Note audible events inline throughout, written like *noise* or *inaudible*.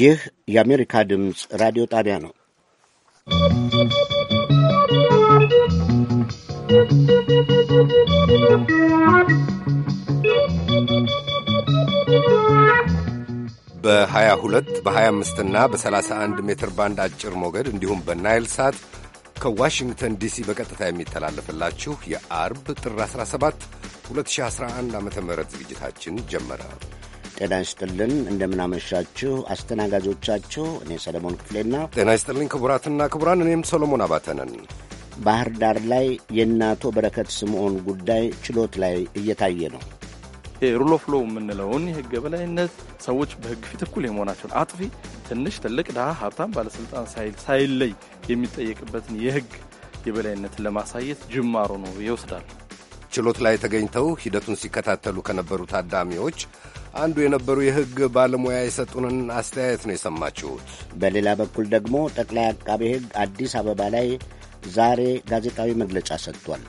ይህ የአሜሪካ ድምፅ ራዲዮ ጣቢያ ነው። በ22 በ25 እና በ31 ሜትር ባንድ አጭር ሞገድ እንዲሁም በናይል ሳት ከዋሽንግተን ዲሲ በቀጥታ የሚተላለፍላችሁ የአርብ ጥር 17 2011 ዓ ም ዝግጅታችን ጀመረ። ጤና ይስጥልን። እንደምናመሻችሁ አስተናጋጆቻችሁ እኔ ሰለሞን ክፍሌና ጤና ይስጥልኝ ክቡራትና ክቡራን፣ እኔም ሰሎሞን አባተነን። ባህር ዳር ላይ የእናቶ በረከት ስምዖን ጉዳይ ችሎት ላይ እየታየ ነው። ሩል ኦፍ ሎው የምንለውን የህግ በላይነት ሰዎች በህግ ፊት እኩል የመሆናቸውን አጥፊ፣ ትንሽ፣ ትልቅ፣ ድሃ፣ ሀብታም፣ ባለስልጣን ሳይለይ የሚጠየቅበትን የህግ የበላይነትን ለማሳየት ጅማሮ ነው ይወስዳል። ችሎት ላይ ተገኝተው ሂደቱን ሲከታተሉ ከነበሩ ታዳሚዎች አንዱ የነበሩ የሕግ ባለሙያ የሰጡንን አስተያየት ነው የሰማችሁት። በሌላ በኩል ደግሞ ጠቅላይ አቃቤ ሕግ አዲስ አበባ ላይ ዛሬ ጋዜጣዊ መግለጫ ሰጥቷል።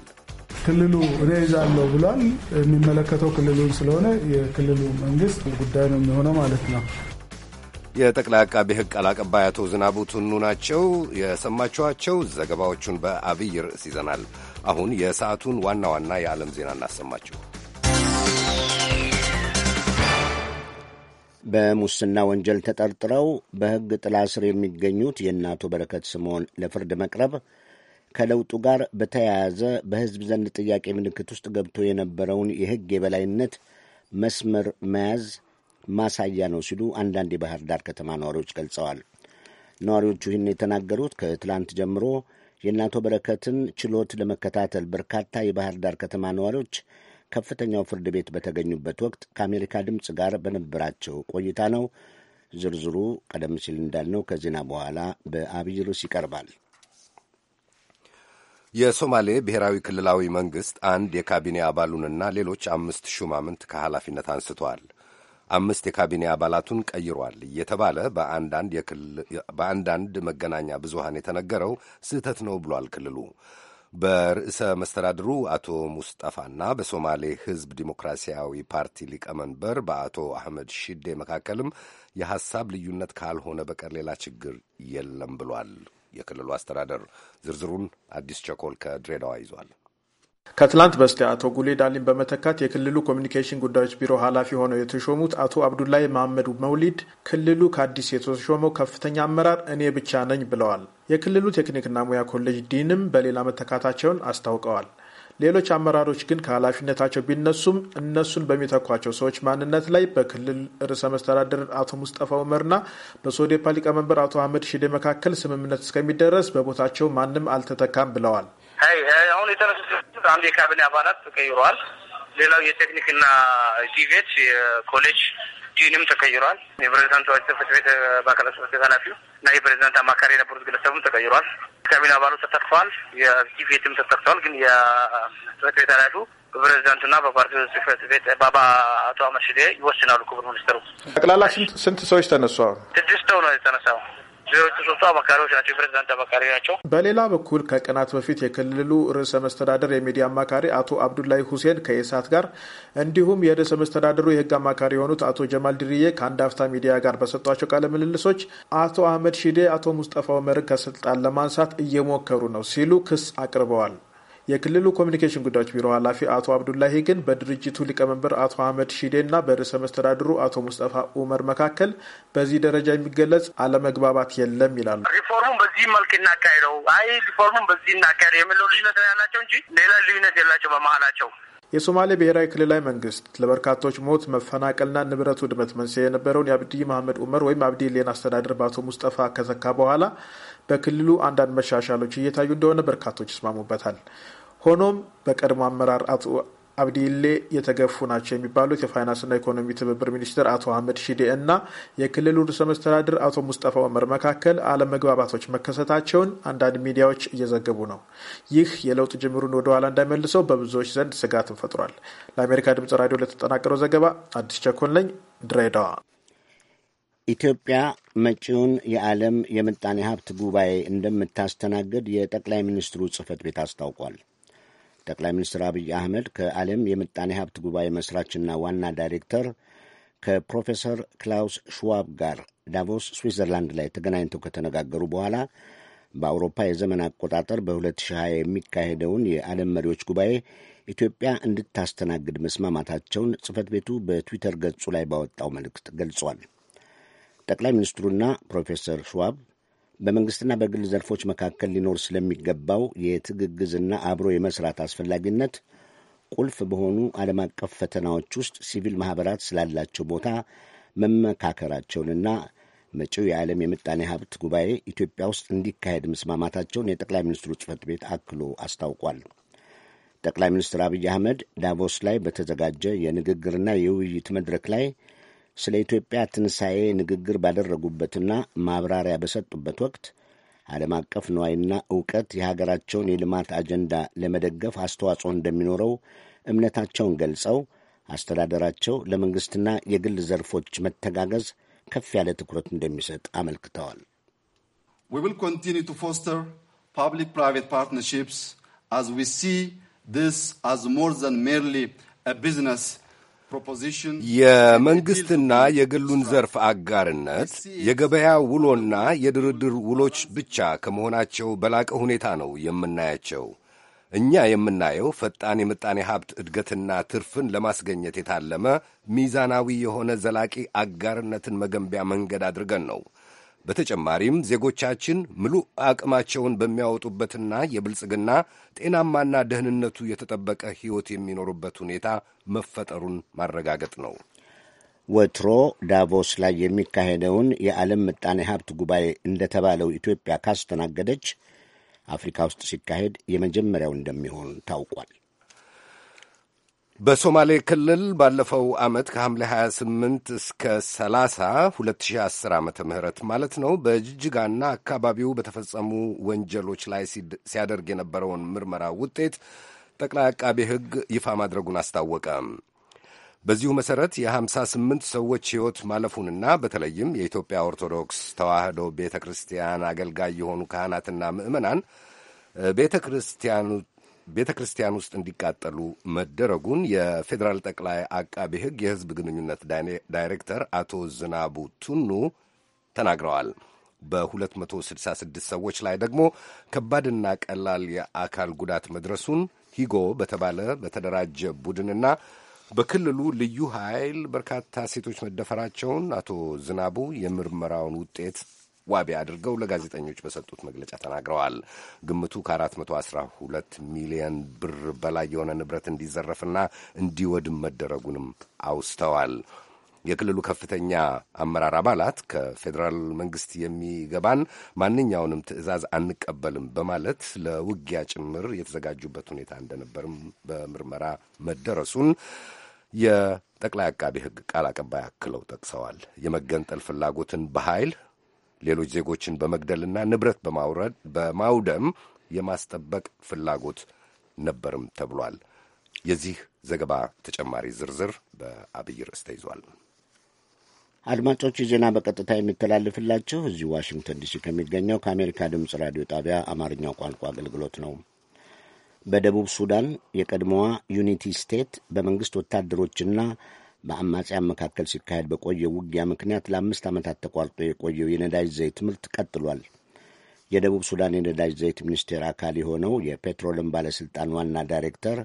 ክልሉ እኔ ይዛለሁ ብሏል። የሚመለከተው ክልሉን ስለሆነ የክልሉ መንግስት ጉዳይ ነው የሚሆነው ማለት ነው። የጠቅላይ አቃቤ ሕግ ቃል አቀባይ አቶ ዝናቡ ቱኑ ናቸው የሰማችኋቸው። ዘገባዎቹን በአብይ ርዕስ ይዘናል። አሁን የሰዓቱን ዋና ዋና የዓለም ዜና እናሰማችሁ። በሙስና ወንጀል ተጠርጥረው በሕግ ጥላ ስር የሚገኙት የእነ አቶ በረከት ስምዖን ለፍርድ መቅረብ ከለውጡ ጋር በተያያዘ በሕዝብ ዘንድ ጥያቄ ምልክት ውስጥ ገብቶ የነበረውን የሕግ የበላይነት መስመር መያዝ ማሳያ ነው ሲሉ አንዳንድ የባህር ዳር ከተማ ነዋሪዎች ገልጸዋል። ነዋሪዎቹ ይህን የተናገሩት ከትላንት ጀምሮ የእነ አቶ በረከትን ችሎት ለመከታተል በርካታ የባህር ዳር ከተማ ነዋሪዎች ከፍተኛው ፍርድ ቤት በተገኙበት ወቅት ከአሜሪካ ድምፅ ጋር በነበራቸው ቆይታ ነው። ዝርዝሩ ቀደም ሲል እንዳልነው ከዜና በኋላ በአብይ ርዕስ ይቀርባል። የሶማሌ ብሔራዊ ክልላዊ መንግሥት አንድ የካቢኔ አባሉንና ሌሎች አምስት ሹማምንት ከኃላፊነት አንስተዋል። አምስት የካቢኔ አባላቱን ቀይሯል እየተባለ በአንዳንድ መገናኛ ብዙሃን የተነገረው ስህተት ነው ብሏል ክልሉ። በርዕሰ መስተዳድሩ አቶ ሙስጠፋና በሶማሌ ሕዝብ ዲሞክራሲያዊ ፓርቲ ሊቀመንበር በአቶ አህመድ ሺዴ መካከልም የሐሳብ ልዩነት ካልሆነ በቀር ሌላ ችግር የለም ብሏል የክልሉ አስተዳደር። ዝርዝሩን አዲስ ቸኮል ከድሬዳዋ ይዟል። ከትላንት በስቲያ አቶ ጉሌ ዳሊን በመተካት የክልሉ ኮሚኒኬሽን ጉዳዮች ቢሮ ኃላፊ ሆነው የተሾሙት አቶ አብዱላይ መሐመድ መውሊድ ክልሉ ከአዲስ የተሾመው ከፍተኛ አመራር እኔ ብቻ ነኝ ብለዋል። የክልሉ ቴክኒክና ሙያ ኮሌጅ ዲንም በሌላ መተካታቸውን አስታውቀዋል። ሌሎች አመራሮች ግን ከኃላፊነታቸው ቢነሱም እነሱን በሚተኳቸው ሰዎች ማንነት ላይ በክልል ርዕሰ መስተዳደር አቶ ሙስጠፋ ኡመርና በሶዴፓ ሊቀመንበር አቶ አህመድ ሺዴ መካከል ስምምነት እስከሚደረስ በቦታቸው ማንም አልተተካም ብለዋል። አሁን የተነሱት አንድ የካቢኔ አባላት ተቀይረዋል። ሌላው የቴክኒክና ዲቬት የኮሌጅ ዲንም ተቀይረዋል። የፕሬዚዳንቶች ጽሕፈት ቤት ማዕከላዊ ጽሕፈት ቤት ኃላፊው እና የፕሬዚዳንት አማካሪ የነበሩት ግለሰብም ተቀይረዋል። ካቢኔ አባሉ ተጠቅሰዋል። የዲቬትም ተጠቅሰዋል። ግን የጽሕፈት ቤት ኃላፊው በፕሬዚዳንቱና በፓርቲ ጽሕፈት ቤት ባባ አቶ አመሽዴ ይወስናሉ። ክቡር ሚኒስትሩ ጠቅላላ ስንት ሰዎች ተነሱ? አሁን ስድስት ሰው ነው የተነሳው። ሌሎቹ ሶስቱ አማካሪዎች ናቸው፣ የፕሬዚዳንት አማካሪ ናቸው። በሌላ በኩል ከቀናት በፊት የክልሉ ርዕሰ መስተዳደር የሚዲያ አማካሪ አቶ አብዱላይ ሁሴን ከኢሳት ጋር እንዲሁም የርዕሰ መስተዳደሩ የህግ አማካሪ የሆኑት አቶ ጀማል ድርዬ ከአንድ አፍታ ሚዲያ ጋር በሰጧቸው ቃለ ምልልሶች አቶ አህመድ ሺዴ አቶ ሙስጠፋ ኡመርን ከስልጣን ለማንሳት እየሞከሩ ነው ሲሉ ክስ አቅርበዋል። የክልሉ ኮሚኒኬሽን ጉዳዮች ቢሮ ኃላፊ አቶ አብዱላሂ ግን በድርጅቱ ሊቀመንበር አቶ አህመድ ሺዴ እና በርዕሰ መስተዳድሩ አቶ ሙስጠፋ ኡመር መካከል በዚህ ደረጃ የሚገለጽ አለመግባባት የለም ይላሉ። ሪፎርሙን በዚህ መልክ እናካሄደው፣ አይ ሪፎርሙን በዚህ እናካሄደ የሚለው ልዩነት ያላቸው እንጂ ሌላ ልዩነት የላቸው በመሀላቸው። የሶማሌ ብሔራዊ ክልላዊ መንግስት ለበርካቶች ሞት መፈናቀልና ንብረት ውድመት መንስኤ የነበረውን የአብዲ መሐመድ ኡመር ወይም አብዲ ኢሌን አስተዳደር በአቶ ሙስጠፋ ከዘካ በኋላ በክልሉ አንዳንድ መሻሻሎች እየታዩ እንደሆነ በርካቶች ይስማሙበታል። ሆኖም በቀድሞ አመራር አቶ አብዲሌ የተገፉ ናቸው የሚባሉት የፋይናንስና ኢኮኖሚ ትብብር ሚኒስትር አቶ አህመድ ሺዴ እና የክልሉ ርዕሰ መስተዳድር አቶ ሙስጠፋ ኦመር መካከል አለመግባባቶች መከሰታቸውን አንዳንድ ሚዲያዎች እየዘገቡ ነው። ይህ የለውጥ ጅምሩን ወደኋላ እንዳይመልሰው በብዙዎች ዘንድ ስጋትን ፈጥሯል። ለአሜሪካ ድምጽ ራዲዮ ለተጠናቀረው ዘገባ አዲስ ቸኮን ነኝ፣ ድሬዳዋ። ኢትዮጵያ መጪውን የዓለም የምጣኔ ሀብት ጉባኤ እንደምታስተናግድ የጠቅላይ ሚኒስትሩ ጽህፈት ቤት አስታውቋል። ጠቅላይ ሚኒስትር አብይ አህመድ ከዓለም የምጣኔ ሀብት ጉባኤ መስራችና ዋና ዳይሬክተር ከፕሮፌሰር ክላውስ ሽዋብ ጋር ዳቮስ ስዊትዘርላንድ ላይ ተገናኝተው ከተነጋገሩ በኋላ በአውሮፓ የዘመን አቆጣጠር በ2020 የሚካሄደውን የዓለም መሪዎች ጉባኤ ኢትዮጵያ እንድታስተናግድ መስማማታቸውን ጽህፈት ቤቱ በትዊተር ገጹ ላይ ባወጣው መልእክት ገልጿል። ጠቅላይ ሚኒስትሩና ፕሮፌሰር ሽዋብ በመንግስትና በግል ዘርፎች መካከል ሊኖር ስለሚገባው የትግግዝና አብሮ የመስራት አስፈላጊነት ቁልፍ በሆኑ ዓለም አቀፍ ፈተናዎች ውስጥ ሲቪል ማኅበራት ስላላቸው ቦታ መመካከራቸውንና መጪው የዓለም የምጣኔ ሀብት ጉባኤ ኢትዮጵያ ውስጥ እንዲካሄድ መስማማታቸውን የጠቅላይ ሚኒስትሩ ጽፈት ቤት አክሎ አስታውቋል። ጠቅላይ ሚኒስትር አብይ አህመድ ዳቮስ ላይ በተዘጋጀ የንግግርና የውይይት መድረክ ላይ ስለ ኢትዮጵያ ትንሣኤ ንግግር ባደረጉበትና ማብራሪያ በሰጡበት ወቅት ዓለም አቀፍ ንዋይና ዕውቀት የሀገራቸውን የልማት አጀንዳ ለመደገፍ አስተዋጽኦ እንደሚኖረው እምነታቸውን ገልጸው አስተዳደራቸው ለመንግሥትና የግል ዘርፎች መተጋገዝ ከፍ ያለ ትኩረት እንደሚሰጥ አመልክተዋል። ፓብሊክ የመንግሥትና የግሉን ዘርፍ አጋርነት የገበያ ውሎና የድርድር ውሎች ብቻ ከመሆናቸው በላቀ ሁኔታ ነው የምናያቸው። እኛ የምናየው ፈጣን የምጣኔ ሀብት እድገትና ትርፍን ለማስገኘት የታለመ ሚዛናዊ የሆነ ዘላቂ አጋርነትን መገንቢያ መንገድ አድርገን ነው። በተጨማሪም ዜጎቻችን ምሉእ አቅማቸውን በሚያወጡበትና የብልጽግና ጤናማና ደህንነቱ የተጠበቀ ሕይወት የሚኖሩበት ሁኔታ መፈጠሩን ማረጋገጥ ነው። ወትሮ ዳቮስ ላይ የሚካሄደውን የዓለም ምጣኔ ሀብት ጉባኤ እንደተባለው ኢትዮጵያ ካስተናገደች አፍሪካ ውስጥ ሲካሄድ የመጀመሪያው እንደሚሆን ታውቋል። በሶማሌ ክልል ባለፈው ዓመት ከሐምሌ 28 እስከ 30 2010 ዓ ምህረት ማለት ነው በጅጅጋና አካባቢው በተፈጸሙ ወንጀሎች ላይ ሲያደርግ የነበረውን ምርመራ ውጤት ጠቅላይ አቃቤ ሕግ ይፋ ማድረጉን አስታወቀ። በዚሁ መሠረት የ58 ሰዎች ሕይወት ማለፉንና በተለይም የኢትዮጵያ ኦርቶዶክስ ተዋህዶ ቤተ ክርስቲያን አገልጋይ የሆኑ ካህናትና ምዕመናን ቤተ ክርስቲያኑ ቤተ ክርስቲያን ውስጥ እንዲቃጠሉ መደረጉን የፌዴራል ጠቅላይ አቃቢ ሕግ የሕዝብ ግንኙነት ዳይሬክተር አቶ ዝናቡ ቱኑ ተናግረዋል። በ266 ሰዎች ላይ ደግሞ ከባድና ቀላል የአካል ጉዳት መድረሱን ሂጎ በተባለ በተደራጀ ቡድንና በክልሉ ልዩ ኃይል በርካታ ሴቶች መደፈራቸውን አቶ ዝናቡ የምርመራውን ውጤት ዋቢ አድርገው ለጋዜጠኞች በሰጡት መግለጫ ተናግረዋል። ግምቱ ከ412 ሚሊዮን ብር በላይ የሆነ ንብረት እንዲዘረፍና እንዲወድም መደረጉንም አውስተዋል። የክልሉ ከፍተኛ አመራር አባላት ከፌዴራል መንግስት የሚገባን ማንኛውንም ትዕዛዝ አንቀበልም በማለት ለውጊያ ጭምር የተዘጋጁበት ሁኔታ እንደነበርም በምርመራ መደረሱን የጠቅላይ አቃቢ ሕግ ቃል አቀባይ አክለው ጠቅሰዋል። የመገንጠል ፍላጎትን በኃይል ሌሎች ዜጎችን በመግደልና ንብረት በማውረድ በማውደም የማስጠበቅ ፍላጎት ነበርም ተብሏል። የዚህ ዘገባ ተጨማሪ ዝርዝር በአብይ ርዕስ ተይዟል። አድማጮች ዜና በቀጥታ የሚተላለፍላችሁ እዚህ ዋሽንግተን ዲሲ ከሚገኘው ከአሜሪካ ድምፅ ራዲዮ ጣቢያ አማርኛው ቋንቋ አገልግሎት ነው። በደቡብ ሱዳን የቀድሞዋ ዩኒቲ ስቴት በመንግሥት ወታደሮችና በአማጽያን መካከል ሲካሄድ በቆየው ውጊያ ምክንያት ለአምስት ዓመታት ተቋርጦ የቆየው የነዳጅ ዘይት ምርት ቀጥሏል። የደቡብ ሱዳን የነዳጅ ዘይት ሚኒስቴር አካል የሆነው የፔትሮልም ባለሥልጣን ዋና ዳይሬክተር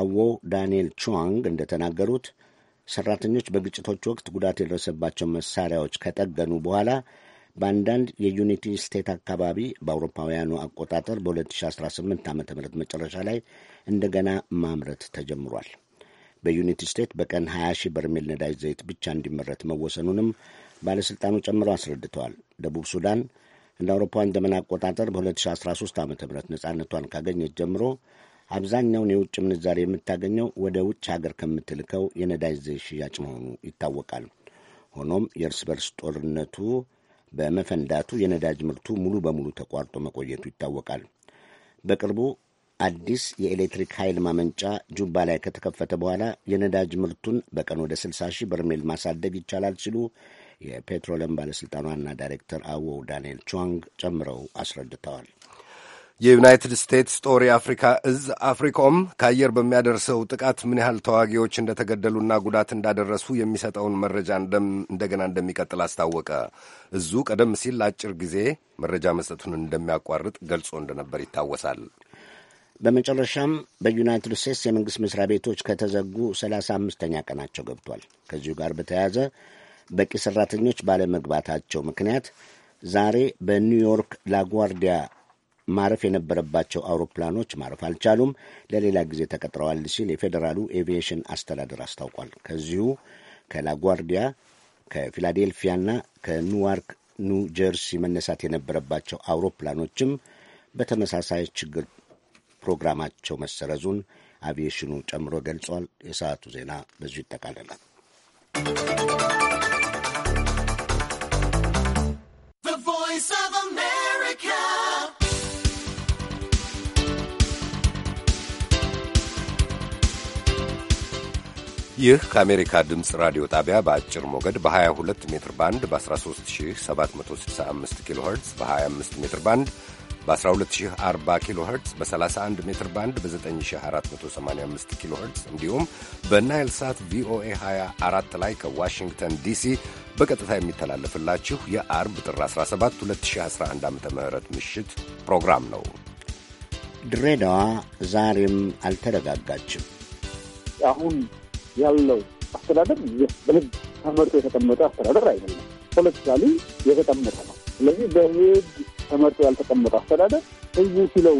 አዎ ዳንኤል ቹዋንግ እንደተናገሩት ሠራተኞች በግጭቶች ወቅት ጉዳት የደረሰባቸው መሣሪያዎች ከጠገኑ በኋላ በአንዳንድ የዩኒቲ ስቴት አካባቢ በአውሮፓውያኑ አቆጣጠር በ2018 ዓ ም መጨረሻ ላይ እንደገና ማምረት ተጀምሯል። በዩናይትድ ስቴትስ በቀን 20 ሺህ በርሜል ነዳጅ ዘይት ብቻ እንዲመረት መወሰኑንም ባለሥልጣኑ ጨምረው አስረድተዋል። ደቡብ ሱዳን እንደ አውሮፓውያን ዘመን አቆጣጠር በ2013 ዓ ም ነጻነቷን ካገኘች ጀምሮ አብዛኛውን የውጭ ምንዛሬ የምታገኘው ወደ ውጭ ሀገር ከምትልከው የነዳጅ ዘይት ሽያጭ መሆኑ ይታወቃል። ሆኖም የእርስ በርስ ጦርነቱ በመፈንዳቱ የነዳጅ ምርቱ ሙሉ በሙሉ ተቋርጦ መቆየቱ ይታወቃል። በቅርቡ አዲስ የኤሌክትሪክ ኃይል ማመንጫ ጁባ ላይ ከተከፈተ በኋላ የነዳጅ ምርቱን በቀን ወደ 60 ሺህ በርሜል ማሳደግ ይቻላል ሲሉ የፔትሮለም ባለሥልጣን ዋና ዳይሬክተር አወው ዳንኤል ቹዋንግ ጨምረው አስረድተዋል። የዩናይትድ ስቴትስ ጦር የአፍሪካ እዝ አፍሪኮም ከአየር በሚያደርሰው ጥቃት ምን ያህል ተዋጊዎች እንደተገደሉና ጉዳት እንዳደረሱ የሚሰጠውን መረጃ እንደገና እንደሚቀጥል አስታወቀ። እዙ ቀደም ሲል ለአጭር ጊዜ መረጃ መስጠቱን እንደሚያቋርጥ ገልጾ እንደነበር ይታወሳል። በመጨረሻም በዩናይትድ ስቴትስ የመንግሥት መስሪያ ቤቶች ከተዘጉ ሰላሳ አምስተኛ ቀናቸው ገብቷል። ከዚሁ ጋር በተያያዘ በቂ ሠራተኞች ባለመግባታቸው ምክንያት ዛሬ በኒውዮርክ ላጓርዲያ ማረፍ የነበረባቸው አውሮፕላኖች ማረፍ አልቻሉም፣ ለሌላ ጊዜ ተቀጥረዋል ሲል የፌዴራሉ ኤቪዬሽን አስተዳደር አስታውቋል። ከዚሁ ከላጓርዲያ ከፊላዴልፊያና ከኒውዋርክ ኒው ጀርሲ መነሳት የነበረባቸው አውሮፕላኖችም በተመሳሳይ ችግር ፕሮግራማቸው መሰረዙን አቪዬሽኑ ጨምሮ ገልጿል። የሰዓቱ ዜና በዚሁ ይጠቃልላል። ይህ ከአሜሪካ ድምፅ ራዲዮ ጣቢያ በአጭር ሞገድ በ22 ሜትር ባንድ በ13765 ኪሎ ኸርትዝ በ25 ሜትር ባንድ በ12040 ኪሎ ኸርትዝ በ31 ሜትር ባንድ በ9485 ኪሎ ኸርትዝ እንዲሁም በናይል ሳት ቪኦኤ 24 ላይ ከዋሽንግተን ዲሲ በቀጥታ የሚተላለፍላችሁ የአርብ ጥር 17 2011 ዓ ም ምሽት ፕሮግራም ነው። ድሬዳዋ ዛሬም አልተረጋጋችም። አሁን ያለው አስተዳደር በህግ ተመርጦ የተቀመጠ አስተዳደር አይደለም። ፖለቲካሊ የተቀመጠ ነው። ስለዚህ በህግ ተመርጦ ያልተቀመጠ አስተዳደር ህዝቡ ሲለው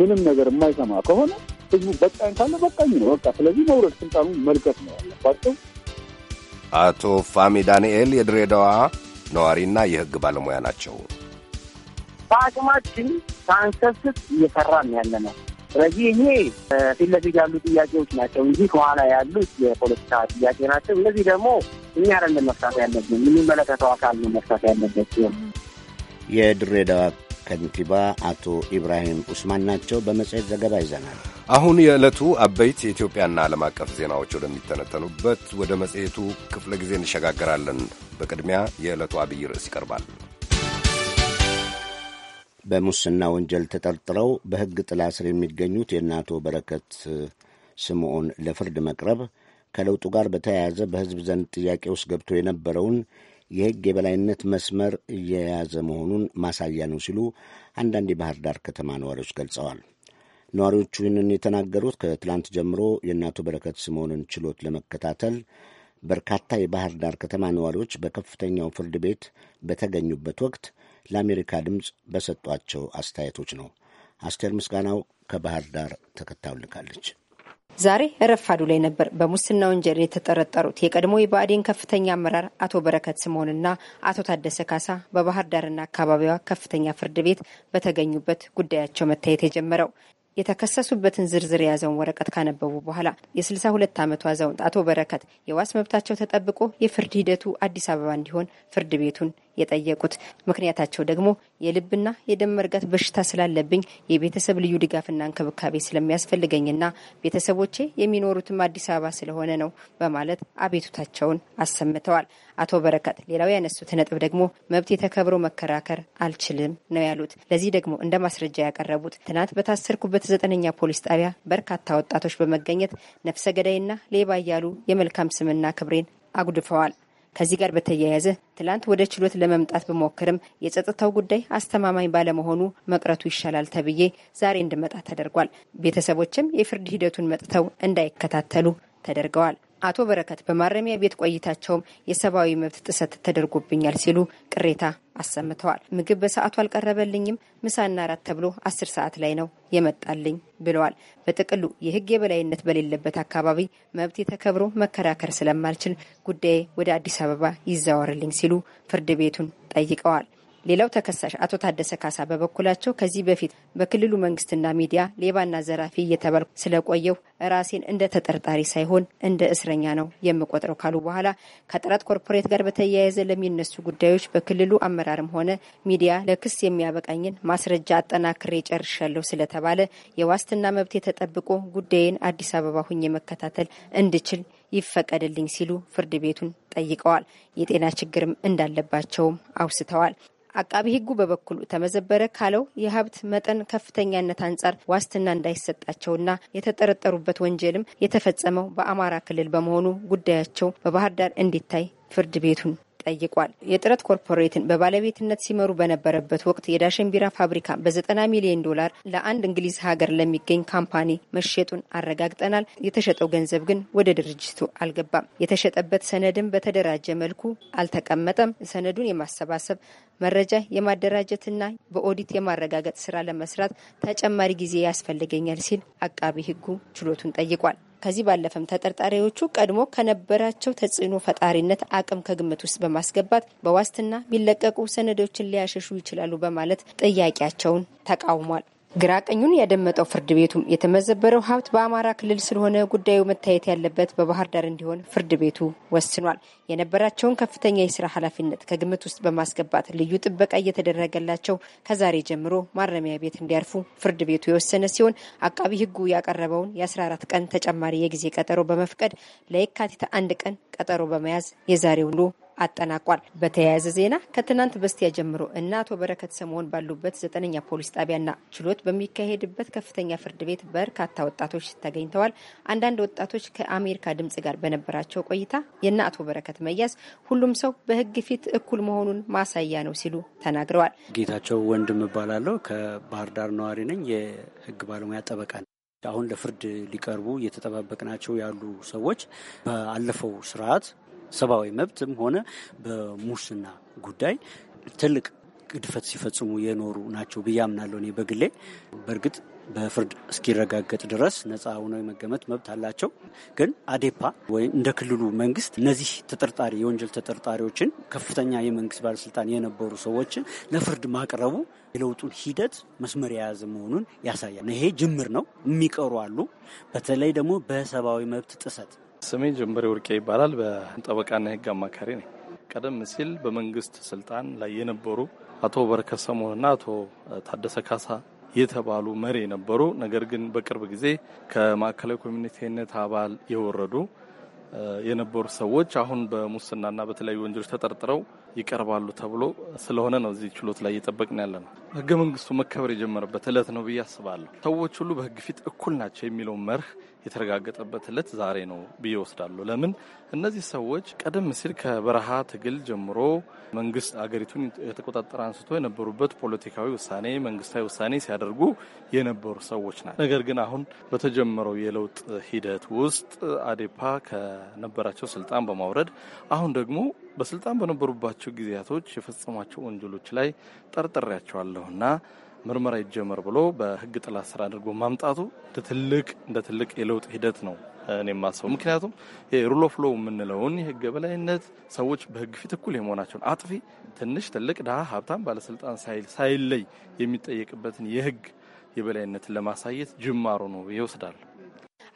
ምንም ነገር የማይሰማ ከሆነ ህዝቡ በቃኝ ካለ በቃኝ ነው በቃ። ስለዚህ መውረድ ስልጣኑ መልቀቅ ነው ያለባቸው። አቶ ፋሚ ዳንኤል የድሬዳዋ ነዋሪና የህግ ባለሙያ ናቸው። በአቅማችን ሳንሰስት እየሰራን ያለ ነው። ስለዚህ ይሄ ፊት ለፊት ያሉ ጥያቄዎች ናቸው እንጂ ከኋላ ያሉት የፖለቲካ ጥያቄ ናቸው። እነዚህ ደግሞ እኛ አይደለም መፍታት ያለብን፣ የሚመለከተው አካል ነው መፍታት ያለበት ሲሆን የድሬዳዋ ከንቲባ አቶ ኢብራሂም ኡስማን ናቸው። በመጽሔት ዘገባ ይዘናል። አሁን የዕለቱ አበይት የኢትዮጵያና ዓለም አቀፍ ዜናዎች ወደሚተነተኑበት ወደ መጽሔቱ ክፍለ ጊዜ እንሸጋገራለን። በቅድሚያ የዕለቱ አብይ ርዕስ ይቀርባል። በሙስና ወንጀል ተጠርጥረው በሕግ ጥላ ስር የሚገኙት የእነ አቶ በረከት ስምዖን ለፍርድ መቅረብ ከለውጡ ጋር በተያያዘ በሕዝብ ዘንድ ጥያቄ ውስጥ ገብቶ የነበረውን የሕግ የበላይነት መስመር እየያዘ መሆኑን ማሳያ ነው ሲሉ አንዳንድ የባህር ዳር ከተማ ነዋሪዎች ገልጸዋል። ነዋሪዎቹ ይህንን የተናገሩት ከትላንት ጀምሮ የእናቱ በረከት ስምዖንን ችሎት ለመከታተል በርካታ የባህር ዳር ከተማ ነዋሪዎች በከፍተኛው ፍርድ ቤት በተገኙበት ወቅት ለአሜሪካ ድምፅ በሰጧቸው አስተያየቶች ነው። አስቴር ምስጋናው ከባህር ዳር ተከታውልካለች። ዛሬ ረፋዱ ላይ ነበር በሙስና ወንጀል የተጠረጠሩት የቀድሞ የብአዴን ከፍተኛ አመራር አቶ በረከት ስምኦንና አቶ ታደሰ ካሳ በባህር ዳርና አካባቢዋ ከፍተኛ ፍርድ ቤት በተገኙበት ጉዳያቸው መታየት የጀመረው። የተከሰሱበትን ዝርዝር የያዘውን ወረቀት ካነበቡ በኋላ የ62 ዓመቱ አዛውንት አቶ በረከት የዋስ መብታቸው ተጠብቆ የፍርድ ሂደቱ አዲስ አበባ እንዲሆን ፍርድ ቤቱን የጠየቁት። ምክንያታቸው ደግሞ የልብና የደም መርጋት በሽታ ስላለብኝ የቤተሰብ ልዩ ድጋፍና እንክብካቤ ስለሚያስፈልገኝና ቤተሰቦቼ የሚኖሩትም አዲስ አበባ ስለሆነ ነው በማለት አቤቱታቸውን አሰምተዋል። አቶ በረከት ሌላው ያነሱት ነጥብ ደግሞ መብት የተከብሮ መከራከር አልችልም ነው ያሉት። ለዚህ ደግሞ እንደ ማስረጃ ያቀረቡት ትናንት በታሰርኩበት ዘጠነኛ ፖሊስ ጣቢያ በርካታ ወጣቶች በመገኘት ነፍሰ ገዳይና ሌባ እያሉ የመልካም ስምና ክብሬን አጉድፈዋል። ከዚህ ጋር በተያያዘ ትላንት ወደ ችሎት ለመምጣት ብሞክርም የጸጥታው ጉዳይ አስተማማኝ ባለመሆኑ መቅረቱ ይሻላል ተብዬ ዛሬ እንድመጣ ተደርጓል። ቤተሰቦችም የፍርድ ሂደቱን መጥተው እንዳይከታተሉ ተደርገዋል። አቶ በረከት በማረሚያ ቤት ቆይታቸውም የሰብአዊ መብት ጥሰት ተደርጎብኛል ሲሉ ቅሬታ አሰምተዋል። ምግብ በሰዓቱ አልቀረበልኝም፣ ምሳና አራት ተብሎ አስር ሰዓት ላይ ነው የመጣልኝ ብለዋል። በጥቅሉ የህግ የበላይነት በሌለበት አካባቢ መብት የተከብሮ መከራከር ስለማልችል ጉዳዬ ወደ አዲስ አበባ ይዛወርልኝ ሲሉ ፍርድ ቤቱን ጠይቀዋል። ሌላው ተከሳሽ አቶ ታደሰ ካሳ በበኩላቸው ከዚህ በፊት በክልሉ መንግስትና ሚዲያ ሌባና ዘራፊ እየተባልኩ ስለቆየው ራሴን እንደ ተጠርጣሪ ሳይሆን እንደ እስረኛ ነው የምቆጥረው ካሉ በኋላ ከጥረት ኮርፖሬት ጋር በተያያዘ ለሚነሱ ጉዳዮች በክልሉ አመራርም ሆነ ሚዲያ ለክስ የሚያበቃኝን ማስረጃ አጠናክሬ ጨርሻለሁ ስለተባለ የዋስትና መብት ተጠብቆ ጉዳይን አዲስ አበባ ሁኝ መከታተል እንድችል ይፈቀድልኝ ሲሉ ፍርድ ቤቱን ጠይቀዋል። የጤና ችግርም እንዳለባቸውም አውስተዋል። አቃቢ ሕጉ በበኩሉ ተመዘበረ ካለው የሀብት መጠን ከፍተኛነት አንጻር ዋስትና እንዳይሰጣቸውና የተጠረጠሩበት ወንጀልም የተፈጸመው በአማራ ክልል በመሆኑ ጉዳያቸው በባህር ዳር እንዲታይ ፍርድ ቤቱን ጠይቋል። የጥረት ኮርፖሬትን በባለቤትነት ሲመሩ በነበረበት ወቅት የዳሽን ቢራ ፋብሪካ በዘጠና ሚሊዮን ዶላር ለአንድ እንግሊዝ ሀገር ለሚገኝ ካምፓኒ መሸጡን አረጋግጠናል። የተሸጠው ገንዘብ ግን ወደ ድርጅቱ አልገባም። የተሸጠበት ሰነድም በተደራጀ መልኩ አልተቀመጠም። ሰነዱን የማሰባሰብ መረጃ የማደራጀትና በኦዲት የማረጋገጥ ስራ ለመስራት ተጨማሪ ጊዜ ያስፈልገኛል ሲል አቃቢ ሕጉ ችሎቱን ጠይቋል። ከዚህ ባለፈም ተጠርጣሪዎቹ ቀድሞ ከነበራቸው ተጽዕኖ ፈጣሪነት አቅም ከግምት ውስጥ በማስገባት በዋስትና ቢለቀቁ ሰነዶችን ሊያሸሹ ይችላሉ በማለት ጥያቄያቸውን ተቃውሟል። ግራ ቀኙን ያደመጠው ፍርድ ቤቱም የተመዘበረው ሀብት በአማራ ክልል ስለሆነ ጉዳዩ መታየት ያለበት በባህር ዳር እንዲሆን ፍርድ ቤቱ ወስኗል። የነበራቸውን ከፍተኛ የስራ ኃላፊነት ከግምት ውስጥ በማስገባት ልዩ ጥበቃ እየተደረገላቸው ከዛሬ ጀምሮ ማረሚያ ቤት እንዲያርፉ ፍርድ ቤቱ የወሰነ ሲሆን አቃቢ ሕጉ ያቀረበውን የ14 ቀን ተጨማሪ የጊዜ ቀጠሮ በመፍቀድ ለየካቲት አንድ ቀን ቀጠሮ በመያዝ የዛሬ ውሎ አጠናቋል። በተያያዘ ዜና ከትናንት በስቲያ ጀምሮ እና አቶ በረከት ስምኦን ባሉበት ዘጠነኛ ፖሊስ ጣቢያና ችሎት በሚካሄድበት ከፍተኛ ፍርድ ቤት በርካታ ወጣቶች ተገኝተዋል። አንዳንድ ወጣቶች ከአሜሪካ ድምጽ ጋር በነበራቸው ቆይታ የእነ አቶ በረከት መያዝ ሁሉም ሰው በህግ ፊት እኩል መሆኑን ማሳያ ነው ሲሉ ተናግረዋል። ጌታቸው ወንድም እባላለሁ። ከባህር ዳር ነዋሪ ነኝ። የህግ ባለሙያ ጠበቃ ነኝ። አሁን ለፍርድ ሊቀርቡ እየተጠባበቅናቸው ያሉ ሰዎች በአለፈው ስርዓት ሰብአዊ መብትም ሆነ በሙስና ጉዳይ ትልቅ ግድፈት ሲፈጽሙ የኖሩ ናቸው ብዬ አምናለሁ። እኔ በግሌ በእርግጥ በፍርድ እስኪረጋገጥ ድረስ ነፃ ሆነው የመገመት መብት አላቸው። ግን አዴፓ ወይም እንደ ክልሉ መንግስት እነዚህ ተጠርጣሪ የወንጀል ተጠርጣሪዎችን ከፍተኛ የመንግስት ባለስልጣን የነበሩ ሰዎችን ለፍርድ ማቅረቡ የለውጡን ሂደት መስመር የያዘ መሆኑን ያሳያል። ይሄ ጅምር ነው፣ የሚቀሩ አሉ። በተለይ ደግሞ በሰብአዊ መብት ጥሰት ስሜ ጀንበሬ ወርቄ ይባላል። በጠበቃና ህግ አማካሪ ነኝ። ቀደም ሲል በመንግስት ስልጣን ላይ የነበሩ አቶ በረከት ሰሞንና አቶ ታደሰ ካሳ የተባሉ መሪ የነበሩ ነገር ግን በቅርብ ጊዜ ከማዕከላዊ ኮሚቴነት አባል የወረዱ የነበሩ ሰዎች አሁን በሙስናና በተለያዩ ወንጀሎች ተጠርጥረው ይቀርባሉ ተብሎ ስለሆነ ነው እዚህ ችሎት ላይ እየጠበቅን ያለ ነው። ህገ መንግስቱ መከበር የጀመረበት እለት ነው ብዬ አስባለሁ። ሰዎች ሁሉ በህግ ፊት እኩል ናቸው የሚለው መርህ የተረጋገጠበት እለት ዛሬ ነው ብዬ ወስዳለሁ። ለምን እነዚህ ሰዎች ቀደም ሲል ከበረሃ ትግል ጀምሮ መንግስት አገሪቱን የተቆጣጠረ አንስቶ የነበሩበት ፖለቲካዊ ውሳኔ፣ መንግስታዊ ውሳኔ ሲያደርጉ የነበሩ ሰዎች ናቸው። ነገር ግን አሁን በተጀመረው የለውጥ ሂደት ውስጥ አዴፓ ከነበራቸው ስልጣን በማውረድ አሁን ደግሞ በስልጣን በነበሩባቸው ጊዜያቶች የፈጸሟቸው ወንጀሎች ላይ ጠርጥሬያቸዋለሁና ምርመራ ይጀመር ብሎ በህግ ጥላ ስር አድርጎ ማምጣቱ ትልቅ እንደ ትልቅ የለውጥ ሂደት ነው እኔ የማስበው። ምክንያቱም ሩል ኦፍ ሎው የምንለውን የህግ የበላይነት ሰዎች በህግ ፊት እኩል የመሆናቸውን አጥፊ፣ ትንሽ፣ ትልቅ፣ ድሀ፣ ሀብታም፣ ባለስልጣን ሳይለይ የሚጠየቅበትን የህግ የበላይነትን ለማሳየት ጅማሮ ነው ይወስዳል።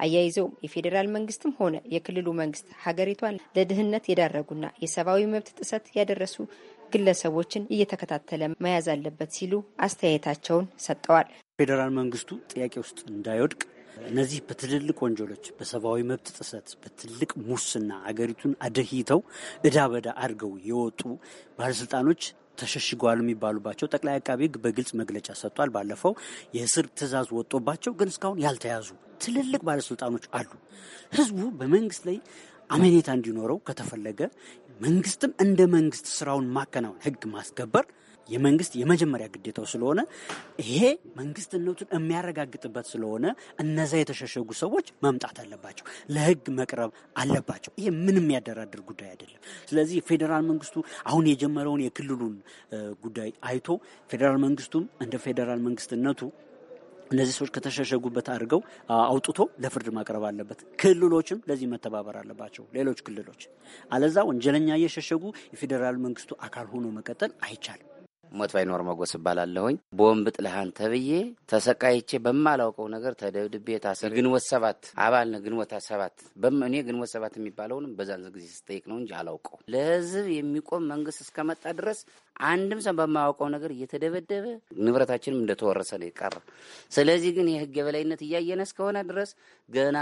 አያይዘውም የፌዴራል መንግስትም ሆነ የክልሉ መንግስት ሀገሪቷን ለድህነት የዳረጉና የሰብአዊ መብት ጥሰት ያደረሱ ግለሰቦችን እየተከታተለ መያዝ አለበት ሲሉ አስተያየታቸውን ሰጠዋል። ፌዴራል መንግስቱ ጥያቄ ውስጥ እንዳይወድቅ እነዚህ በትልልቅ ወንጀሎች፣ በሰብአዊ መብት ጥሰት፣ በትልቅ ሙስና አገሪቱን አደሂተው እዳ በዳ አድርገው የወጡ ባለስልጣኖች ተሸሽገዋል የሚባሉባቸው ጠቅላይ አቃቢ ህግ በግልጽ መግለጫ ሰጥቷል። ባለፈው የእስር ትዕዛዝ ወጦባቸው ግን እስካሁን ያልተያዙ ትልልቅ ባለስልጣኖች አሉ። ህዝቡ በመንግስት ላይ አመኔታ እንዲኖረው ከተፈለገ መንግስትም እንደ መንግስት ስራውን ማከናወን ህግ ማስከበር የመንግስት የመጀመሪያ ግዴታው ስለሆነ ይሄ መንግስትነቱን የሚያረጋግጥበት ስለሆነ እነዛ የተሸሸጉ ሰዎች መምጣት አለባቸው፣ ለህግ መቅረብ አለባቸው። ይሄ ምንም የሚያደራድር ጉዳይ አይደለም። ስለዚህ ፌዴራል መንግስቱ አሁን የጀመረውን የክልሉን ጉዳይ አይቶ ፌዴራል መንግስቱም እንደ ፌዴራል መንግስትነቱ እነዚህ ሰዎች ከተሸሸጉበት አድርገው አውጥቶ ለፍርድ ማቅረብ አለበት። ክልሎችም ለዚህ መተባበር አለባቸው። ሌሎች ክልሎች አለዛ ወንጀለኛ እየሸሸጉ የፌዴራል መንግስቱ አካል ሆኖ መቀጠል አይቻልም። ሞት ባይኖር መጎስ እባላለሁኝ። ቦምብ ጥልሃን ተብዬ ተሰቃይቼ በማላውቀው ነገር ተደብድቤ ታስ ግንቦት ሰባት አባል ነ ግንቦት ሰባት እኔ ግንቦት ሰባት የሚባለውንም በዛን ጊዜ ስጠይቅ ነው እንጂ አላውቀው። ለህዝብ የሚቆም መንግስት እስከመጣ ድረስ አንድም ሰው በማያውቀው ነገር እየተደበደበ ንብረታችንም እንደተወረሰ ነው የቀረ። ስለዚህ ግን የህግ የበላይነት እያየነ እስከሆነ ድረስ ገና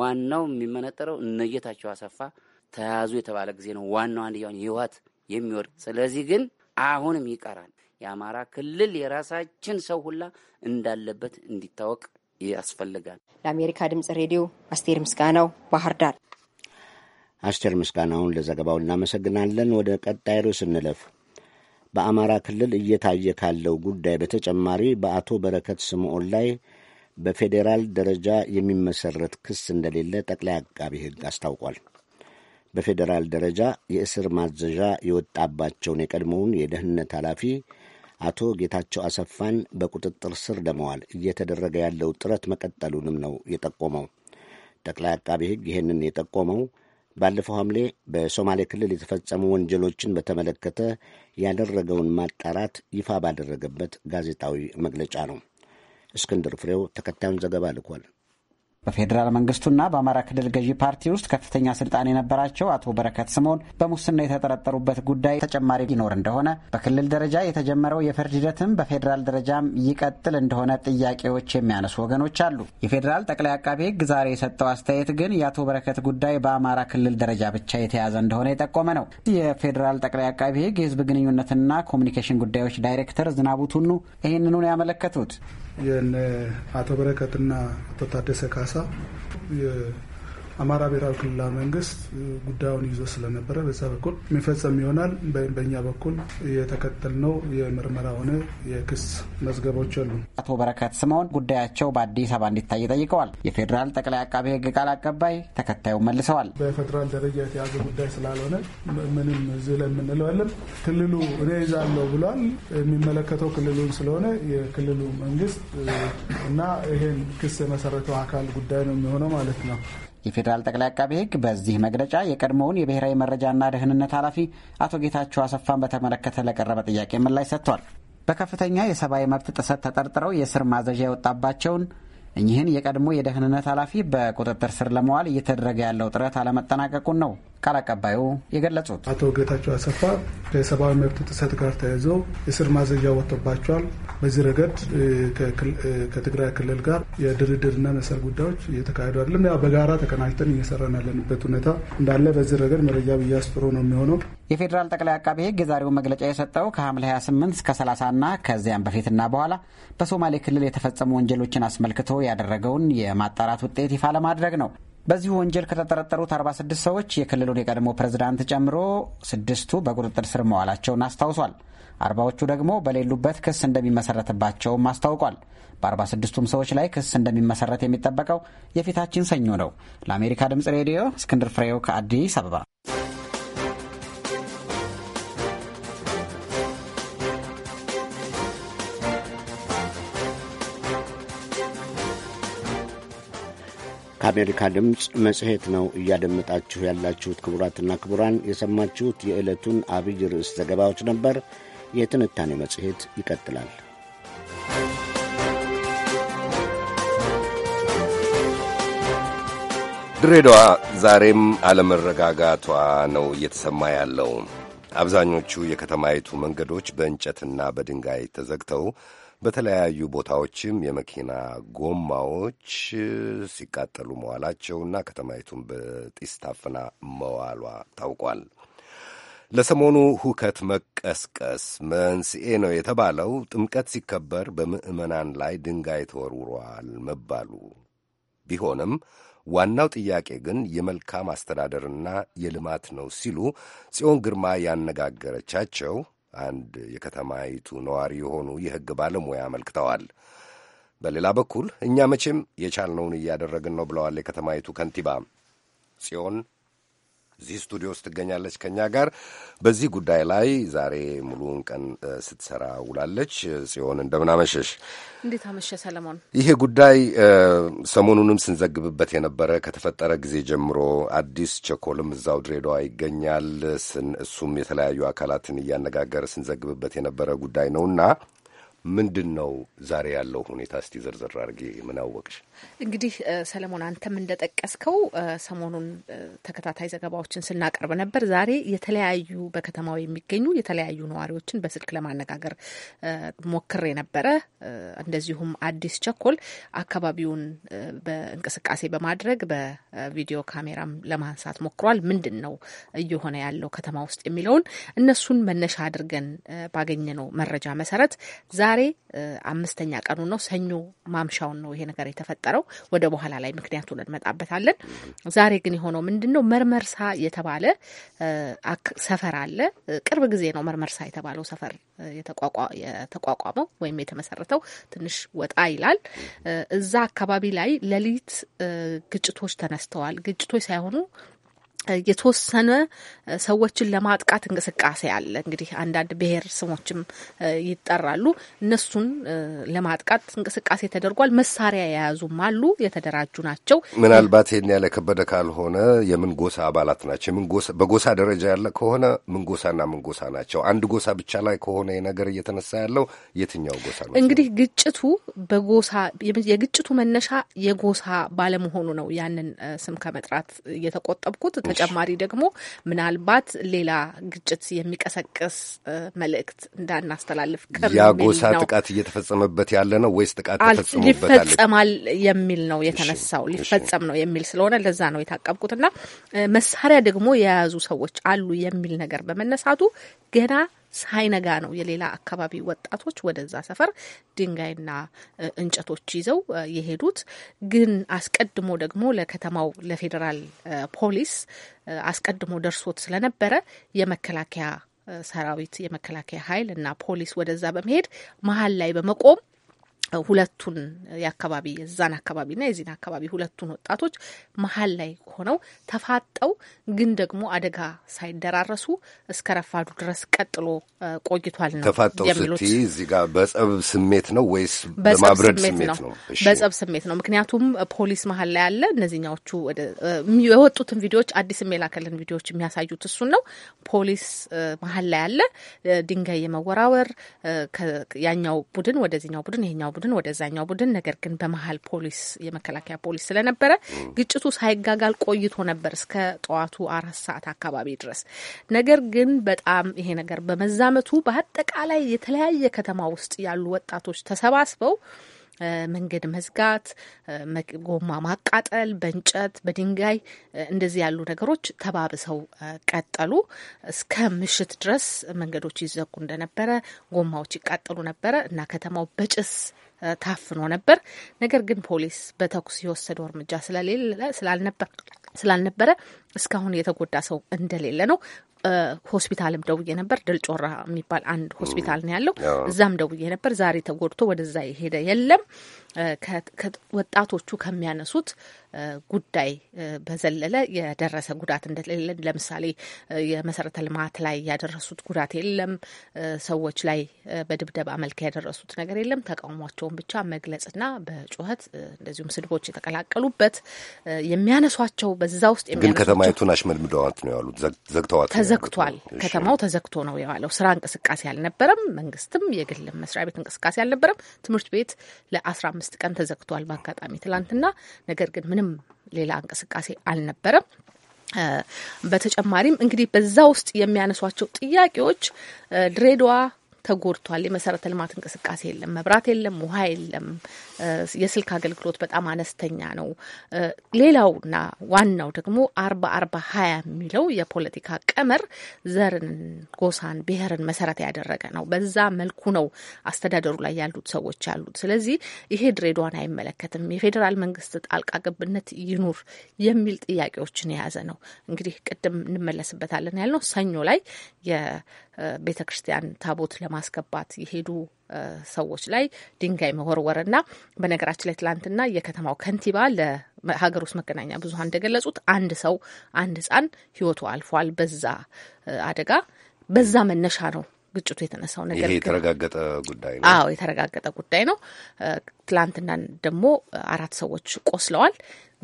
ዋናው የሚመነጠረው እነየታቸው አሰፋ ተያዙ የተባለ ጊዜ ነው ዋናው አንድ ህይወት የሚወድ ስለዚህ ግን አሁንም ይቀራል። የአማራ ክልል የራሳችን ሰው ሁላ እንዳለበት እንዲታወቅ ያስፈልጋል። ለአሜሪካ ድምጽ ሬዲዮ አስቴር ምስጋናው ባህር ዳር። አስቴር ምስጋናውን ለዘገባው እናመሰግናለን። ወደ ቀጣይ ርዕስ እንለፍ። በአማራ ክልል እየታየ ካለው ጉዳይ በተጨማሪ በአቶ በረከት ስምዖን ላይ በፌዴራል ደረጃ የሚመሰረት ክስ እንደሌለ ጠቅላይ አቃቢ ሕግ አስታውቋል። በፌዴራል ደረጃ የእስር ማዘዣ የወጣባቸውን የቀድሞውን የደህንነት ኃላፊ አቶ ጌታቸው አሰፋን በቁጥጥር ስር ለመዋል እየተደረገ ያለው ጥረት መቀጠሉንም ነው የጠቆመው። ጠቅላይ አቃቤ ሕግ ይህንን የጠቆመው ባለፈው ሐምሌ በሶማሌ ክልል የተፈጸሙ ወንጀሎችን በተመለከተ ያደረገውን ማጣራት ይፋ ባደረገበት ጋዜጣዊ መግለጫ ነው። እስክንድር ፍሬው ተከታዩን ዘገባ ልኳል። በፌዴራል መንግስቱና በአማራ ክልል ገዢ ፓርቲ ውስጥ ከፍተኛ ስልጣን የነበራቸው አቶ በረከት ስምኦን በሙስና የተጠረጠሩበት ጉዳይ ተጨማሪ ይኖር እንደሆነ በክልል ደረጃ የተጀመረው የፍርድ ሂደትም በፌዴራል ደረጃም ይቀጥል እንደሆነ ጥያቄዎች የሚያነሱ ወገኖች አሉ። የፌዴራል ጠቅላይ አቃቤ ሕግ ዛሬ የሰጠው አስተያየት ግን የአቶ በረከት ጉዳይ በአማራ ክልል ደረጃ ብቻ የተያዘ እንደሆነ የጠቆመ ነው። የፌዴራል ጠቅላይ አቃቤ ሕግ የህዝብ ግንኙነትና ኮሚኒኬሽን ጉዳዮች ዳይሬክተር ዝናቡ ቱኑ ይህንኑ ነው ያመለከቱት። የነ አቶ በረከትና አቶ ታደሰ ካሳ አማራ ብሔራዊ ክልላዊ መንግስት ጉዳዩን ይዞ ስለነበረ በዛ በኩል የሚፈጸም ይሆናል። በእኛ በኩል የተከተልነው የምርመራ ሆነ የክስ መዝገቦች አሉ። አቶ በረከት ስምኦን ጉዳያቸው በአዲስ አበባ እንዲታይ ጠይቀዋል። የፌዴራል ጠቅላይ አቃቤ ሕግ ቃል አቀባይ ተከታዩ መልሰዋል። በፌዴራል ደረጃ የተያዘ ጉዳይ ስላልሆነ ምንም እዚህ ላይ የምንለው ክልሉ እኔ ይዛለሁ ብሏል። የሚመለከተው ክልሉን ስለሆነ የክልሉ መንግስት እና ይሄን ክስ የመሰረተው አካል ጉዳይ ነው የሚሆነው ማለት ነው። የፌዴራል ጠቅላይ አቃቤ ሕግ በዚህ መግለጫ የቀድሞውን የብሔራዊ መረጃና ደህንነት ኃላፊ አቶ ጌታቸው አሰፋን በተመለከተ ለቀረበ ጥያቄ ምላሽ ሰጥቷል። በከፍተኛ የሰብአዊ መብት ጥሰት ተጠርጥረው የስር ማዘዣ የወጣባቸውን እኚህን የቀድሞ የደህንነት ኃላፊ በቁጥጥር ስር ለመዋል እየተደረገ ያለው ጥረት አለመጠናቀቁን ነው ቃል አቀባዩ የገለጹት። አቶ ጌታቸው አሰፋ ከሰብአዊ መብት ጥሰት ጋር ተያይዞ የስር ማዘዣ ወጥቶባቸዋል። በዚህ ረገድ ከትግራይ ክልል ጋር የድርድርና መሰል ጉዳዮች እየተካሄዱ አይደለም። ያው በጋራ ተቀናጅተን እየሰራን ያለንበት ሁኔታ እንዳለ በዚህ ረገድ መረጃ ብያስ ጥሩ ነው የሚሆነው። የፌዴራል ጠቅላይ አቃቤ ሕግ የዛሬው መግለጫ የሰጠው ከሐምሌ 28 እስከ 30ና ከዚያም በፊትና በኋላ በሶማሌ ክልል የተፈጸሙ ወንጀሎችን አስመልክቶ ያደረገውን የማጣራት ውጤት ይፋ ለማድረግ ነው። በዚሁ ወንጀል ከተጠረጠሩት 46 ሰዎች የክልሉን የቀድሞ ፕሬዝዳንት ጨምሮ ስድስቱ በቁጥጥር ስር መዋላቸውን አስታውሷል። አርባዎቹ ደግሞ በሌሉበት ክስ እንደሚመሰረትባቸውም አስታውቋል። በ46ቱም ሰዎች ላይ ክስ እንደሚመሰረት የሚጠበቀው የፊታችን ሰኞ ነው። ለአሜሪካ ድምፅ ሬዲዮ እስክንድር ፍሬው ከአዲስ አበባ ከአሜሪካ ድምፅ መጽሔት ነው እያደመጣችሁ ያላችሁት። ክቡራትና ክቡራን የሰማችሁት የዕለቱን አብይ ርዕስ ዘገባዎች ነበር። የትንታኔ መጽሔት ይቀጥላል። ድሬዳዋ ዛሬም አለመረጋጋቷ ነው እየተሰማ ያለው። አብዛኞቹ የከተማይቱ መንገዶች በእንጨትና በድንጋይ ተዘግተው በተለያዩ ቦታዎችም የመኪና ጎማዎች ሲቃጠሉ መዋላቸውና ከተማይቱን በጢስ ታፍና መዋሏ ታውቋል። ለሰሞኑ ሁከት መቀስቀስ መንስኤ ነው የተባለው ጥምቀት ሲከበር በምዕመናን ላይ ድንጋይ ተወርውሯል መባሉ ቢሆንም ዋናው ጥያቄ ግን የመልካም አስተዳደርና የልማት ነው ሲሉ ጽዮን ግርማ ያነጋገረቻቸው አንድ የከተማይቱ ነዋሪ የሆኑ የሕግ ባለሙያ አመልክተዋል። በሌላ በኩል እኛ መቼም የቻልነውን እያደረግን ነው ብለዋል የከተማይቱ ከንቲባ ጽዮን እዚህ ስቱዲዮ ውስጥ ትገኛለች ከእኛ ጋር በዚህ ጉዳይ ላይ ዛሬ ሙሉውን ቀን ስትሰራ ውላለች። ጽዮን እንደምናመሸሽ። እንዴት አመሸ ሰለሞን። ይሄ ጉዳይ ሰሞኑንም ስንዘግብበት የነበረ ከተፈጠረ ጊዜ ጀምሮ አዲስ ቸኮልም እዛው ድሬዳዋ ይገኛል። እሱም የተለያዩ አካላትን እያነጋገረ ስንዘግብበት የነበረ ጉዳይ ነውና ምንድን ነው ዛሬ ያለው ሁኔታ? እስቲ ዝርዝር አድርጌ ምን አወቅሽ? እንግዲህ ሰለሞን፣ አንተም እንደጠቀስከው ሰሞኑን ተከታታይ ዘገባዎችን ስናቀርብ ነበር። ዛሬ የተለያዩ በከተማው የሚገኙ የተለያዩ ነዋሪዎችን በስልክ ለማነጋገር ሞክሬ ነበረ። እንደዚሁም አዲስ ቸኮል አካባቢውን በእንቅስቃሴ በማድረግ በቪዲዮ ካሜራም ለማንሳት ሞክሯል። ምንድን ነው እየሆነ ያለው ከተማ ውስጥ የሚለውን እነሱን መነሻ አድርገን ባገኘነው መረጃ መሰረት ዛሬ አምስተኛ ቀኑ ነው። ሰኞ ማምሻውን ነው ይሄ ነገር የተፈጠረው። ወደ በኋላ ላይ ምክንያቱን እንመጣበታለን። ዛሬ ግን የሆነው ምንድን ነው? መርመርሳ የተባለ ሰፈር አለ። ቅርብ ጊዜ ነው መርመርሳ የተባለው ሰፈር የተቋቋመው ወይም የተመሰረተው። ትንሽ ወጣ ይላል። እዛ አካባቢ ላይ ሌሊት ግጭቶች ተነስተዋል። ግጭቶች ሳይሆኑ የተወሰነ ሰዎችን ለማጥቃት እንቅስቃሴ አለ። እንግዲህ አንዳንድ ብሔር ስሞችም ይጠራሉ። እነሱን ለማጥቃት እንቅስቃሴ ተደርጓል። መሳሪያ የያዙም አሉ፣ የተደራጁ ናቸው። ምናልባት ይህን ያለ ከበደ ካልሆነ የምን ጎሳ አባላት ናቸው? በጎሳ ደረጃ ያለ ከሆነ ምን ጎሳና ምን ጎሳ ናቸው? አንድ ጎሳ ብቻ ላይ ከሆነ ነገር እየተነሳ ያለው የትኛው ጎሳ ነው? እንግዲህ ግጭቱ በጎሳ የግጭቱ መነሻ የጎሳ ባለመሆኑ ነው ያንን ስም ከመጥራት እየተቆጠብኩት በተጨማሪ ደግሞ ምናልባት ሌላ ግጭት የሚቀሰቅስ መልእክት እንዳናስተላልፍ ያጎሳ ጥቃት እየተፈጸመበት ያለ ነው ወይስ ጥቃት ሊፈጸማል የሚል ነው የተነሳው። ሊፈጸም ነው የሚል ስለሆነ ለዛ ነው የታቀብኩትና መሳሪያ ደግሞ የያዙ ሰዎች አሉ የሚል ነገር በመነሳቱ ገና ሳይነጋ ነው የሌላ አካባቢ ወጣቶች ወደዛ ሰፈር ድንጋይና እንጨቶች ይዘው የሄዱት። ግን አስቀድሞ ደግሞ ለከተማው ለፌዴራል ፖሊስ አስቀድሞ ደርሶት ስለነበረ የመከላከያ ሰራዊት የመከላከያ ኃይል እና ፖሊስ ወደዛ በመሄድ መሀል ላይ በመቆም ሁለቱን የአካባቢ የዛን አካባቢ ና የዚህን አካባቢ ሁለቱን ወጣቶች መሀል ላይ ሆነው ተፋጠው ግን ደግሞ አደጋ ሳይደራረሱ እስከ ረፋዱ ድረስ ቀጥሎ ቆይቷል ነው ተፋጠው ስቲ እዚህ ጋር በጸብ ስሜት ነው ወይስ በማብረድ ስሜት ነው? በጸብ ስሜት ነው። ምክንያቱም ፖሊስ መሀል ላይ አለ። እነዚህኛዎቹ የወጡትን ቪዲዮዎች አዲስ የሚላከልን ቪዲዮዎች የሚያሳዩት እሱን ነው። ፖሊስ መሀል ላይ አለ። ድንጋይ የመወራወር ያኛው ቡድን ወደዚኛው ቡድን ይሄኛው ቡድን ወደዛኛው ቡድን፣ ነገር ግን በመሀል ፖሊስ የመከላከያ ፖሊስ ስለነበረ ግጭቱ ሳይጋጋል ቆይቶ ነበር እስከ ጠዋቱ አራት ሰዓት አካባቢ ድረስ። ነገር ግን በጣም ይሄ ነገር በመዛመቱ በአጠቃላይ የተለያየ ከተማ ውስጥ ያሉ ወጣቶች ተሰባስበው መንገድ መዝጋት፣ ጎማ ማቃጠል፣ በእንጨት በድንጋይ እንደዚህ ያሉ ነገሮች ተባብሰው ቀጠሉ። እስከ ምሽት ድረስ መንገዶች ይዘጉ እንደነበረ፣ ጎማዎች ይቃጠሉ ነበረ እና ከተማው በጭስ ታፍኖ ነበር። ነገር ግን ፖሊስ በተኩስ የወሰደው እርምጃ ስለሌለ ስላልነበረ እስካሁን የተጎዳ ሰው እንደሌለ ነው። ሆስፒታልም ደውዬ ነበር። ድል የሚባል አንድ ሆስፒታል ነው ያለው። እዛም ደውዬ ነበር። ዛሬ ተጎድቶ ወደዛ የሄደ የለም። ወጣቶቹ ከሚያነሱት ጉዳይ በዘለለ የደረሰ ጉዳት እንደሌለ ለምሳሌ የመሰረተ ልማት ላይ ያደረሱት ጉዳት የለም። ሰዎች ላይ በድብደባ መልክ ያደረሱት ነገር የለም። ተቃውሟቸውን ብቻ መግለጽና በጩኸት እንደዚሁም ስድቦች የተቀላቀሉበት የሚያነሷቸው በዛ ውስጥ ግን ከተማይቱን አሽመድምደዋት ነው ያሉት፣ ዘግተዋት ተዘግቷል። ከተማው ተዘግቶ ነው የዋለው። ስራ እንቅስቃሴ አልነበረም። መንግስትም የግል መስሪያ ቤት እንቅስቃሴ አልነበረም። ትምህርት ቤት ለአስራ አምስት ቀን ተዘግቷል በአጋጣሚ ትላንትና። ነገር ግን ምንም ሌላ እንቅስቃሴ አልነበረም። በተጨማሪም እንግዲህ በዛ ውስጥ የሚያነሷቸው ጥያቄዎች ድሬዳዋ ተጎድቷል። የመሰረተ ልማት እንቅስቃሴ የለም፣ መብራት የለም፣ ውሃ የለም፣ የስልክ አገልግሎት በጣም አነስተኛ ነው። ሌላውና ዋናው ደግሞ አርባ አርባ ሀያ የሚለው የፖለቲካ ቀመር ዘርን፣ ጎሳን፣ ብሔርን መሰረት ያደረገ ነው። በዛ መልኩ ነው አስተዳደሩ ላይ ያሉት ሰዎች ያሉት። ስለዚህ ይሄ ድሬዳዋን አይመለከትም፣ የፌዴራል መንግስት ጣልቃ ገብነት ይኑር የሚል ጥያቄዎችን የያዘ ነው። እንግዲህ ቅድም እንመለስበታለን ያልነው ሰኞ ላይ ቤተ ክርስቲያን ታቦት ለማስገባት የሄዱ ሰዎች ላይ ድንጋይ መወርወርና በነገራችን ላይ ትላንትና የከተማው ከንቲባ ለሀገር ውስጥ መገናኛ ብዙኃን እንደገለጹት አንድ ሰው አንድ ህፃን ህይወቱ አልፏል። በዛ አደጋ በዛ መነሻ ነው ግጭቱ የተነሳው ነገር የተረጋገጠ ጉዳይ ነው። አዎ የተረጋገጠ ጉዳይ ነው። ትላንትና ደግሞ አራት ሰዎች ቆስለዋል።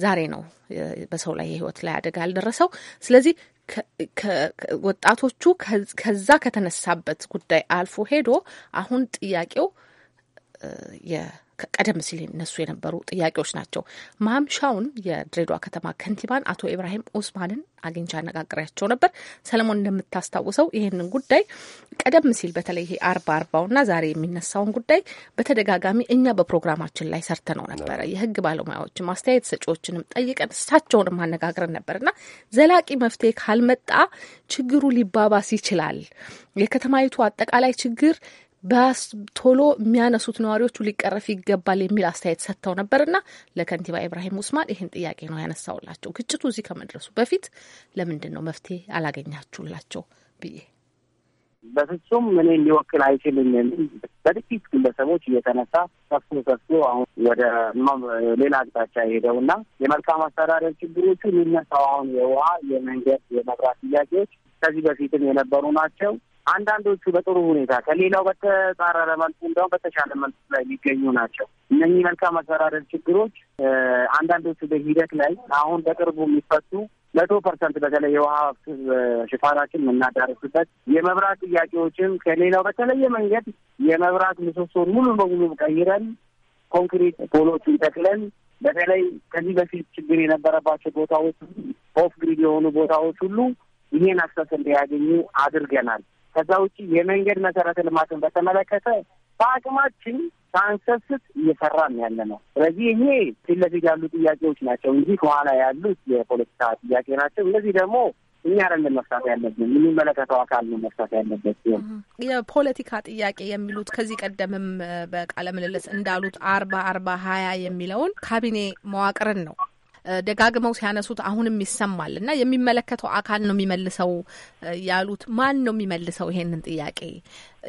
ዛሬ ነው በሰው ላይ የህይወት ላይ አደጋ ያልደረሰው። ስለዚህ ወጣቶቹ ከዛ ከተነሳበት ጉዳይ አልፎ ሄዶ አሁን ጥያቄው ቀደም ሲል እነሱ የነበሩ ጥያቄዎች ናቸው። ማምሻውን የድሬዷ ከተማ ከንቲባን አቶ ኢብራሂም ኡስማንን አግኝቻ አነጋግሬያቸው ነበር። ሰለሞን እንደምታስታውሰው ይህንን ጉዳይ ቀደም ሲል በተለይ ይሄ አርባ አርባውና ዛሬ የሚነሳውን ጉዳይ በተደጋጋሚ እኛ በፕሮግራማችን ላይ ነው ነበረ። የህግ ባለሙያዎችም አስተያየት ሰጪዎችንም ጠይቀን እሳቸውንም አነጋግረን ነበርና ዘላቂ መፍትሄ ካልመጣ ችግሩ ሊባባስ ይችላል። የከተማይቱ አጠቃላይ ችግር በቶሎ የሚያነሱት ነዋሪዎቹ ሊቀረፍ ይገባል የሚል አስተያየት ሰጥተው ነበርና ለከንቲባ ኢብራሂም ውስማን ይህን ጥያቄ ነው ያነሳውላቸው። ግጭቱ እዚህ ከመድረሱ በፊት ለምንድን ነው መፍትሄ አላገኛችሁላቸው ብዬ በፍጹም እኔ ሊወክል አይችልም በጥቂት ግለሰቦች እየተነሳ ሰፍቶ ሰፍቶ አሁን ወደ ሌላ አቅጣጫ ሄደው እና የመልካም አስተዳደር ችግሮቹ የሚነሳው አሁን የውሃ፣ የመንገድ፣ የመብራት ጥያቄዎች ከዚህ በፊትም የነበሩ ናቸው። አንዳንዶቹ በጥሩ ሁኔታ ከሌላው በተጻረረ መልኩ እንዲሁም በተሻለ መልኩ ላይ የሚገኙ ናቸው። እነኚህ መልካም አስተዳደር ችግሮች አንዳንዶቹ በሂደት ላይ አሁን በቅርቡ የሚፈቱ መቶ ፐርሰንት በተለይ የውሃ ሽፋናችን የምናዳረሱበት የመብራት ጥያቄዎችም ከሌላው በተለየ መንገድ የመብራት ምሰሶን ሙሉ በሙሉ ቀይረን ኮንክሪት ፖሎችን ተክለን በተለይ ከዚህ በፊት ችግር የነበረባቸው ቦታዎች ኦፍ ግሪድ የሆኑ ቦታዎች ሁሉ ይሄን አክሰስ እንዲያገኙ አድርገናል። ከዛ ውጭ የመንገድ መሰረተ ልማትን በተመለከተ በአቅማችን ሳንሰስት እየሰራን ያለ ነው። ስለዚህ ይሄ ፊት ለፊት ያሉ ጥያቄዎች ናቸው እንጂ ከኋላ ያሉት የፖለቲካ ጥያቄ ናቸው። እነዚህ ደግሞ እኛ አይደለም መፍታት ያለብን፣ የሚመለከተው አካል ነው መፍታት ያለበት። ሲሆን የፖለቲካ ጥያቄ የሚሉት ከዚህ ቀደምም በቃለ ምልልስ እንዳሉት አርባ አርባ ሀያ የሚለውን ካቢኔ መዋቅርን ነው ደጋግመው ሲያነሱት አሁንም ይሰማል እና የሚመለከተው አካል ነው የሚመልሰው ያሉት ማን ነው የሚመልሰው ይሄንን ጥያቄ?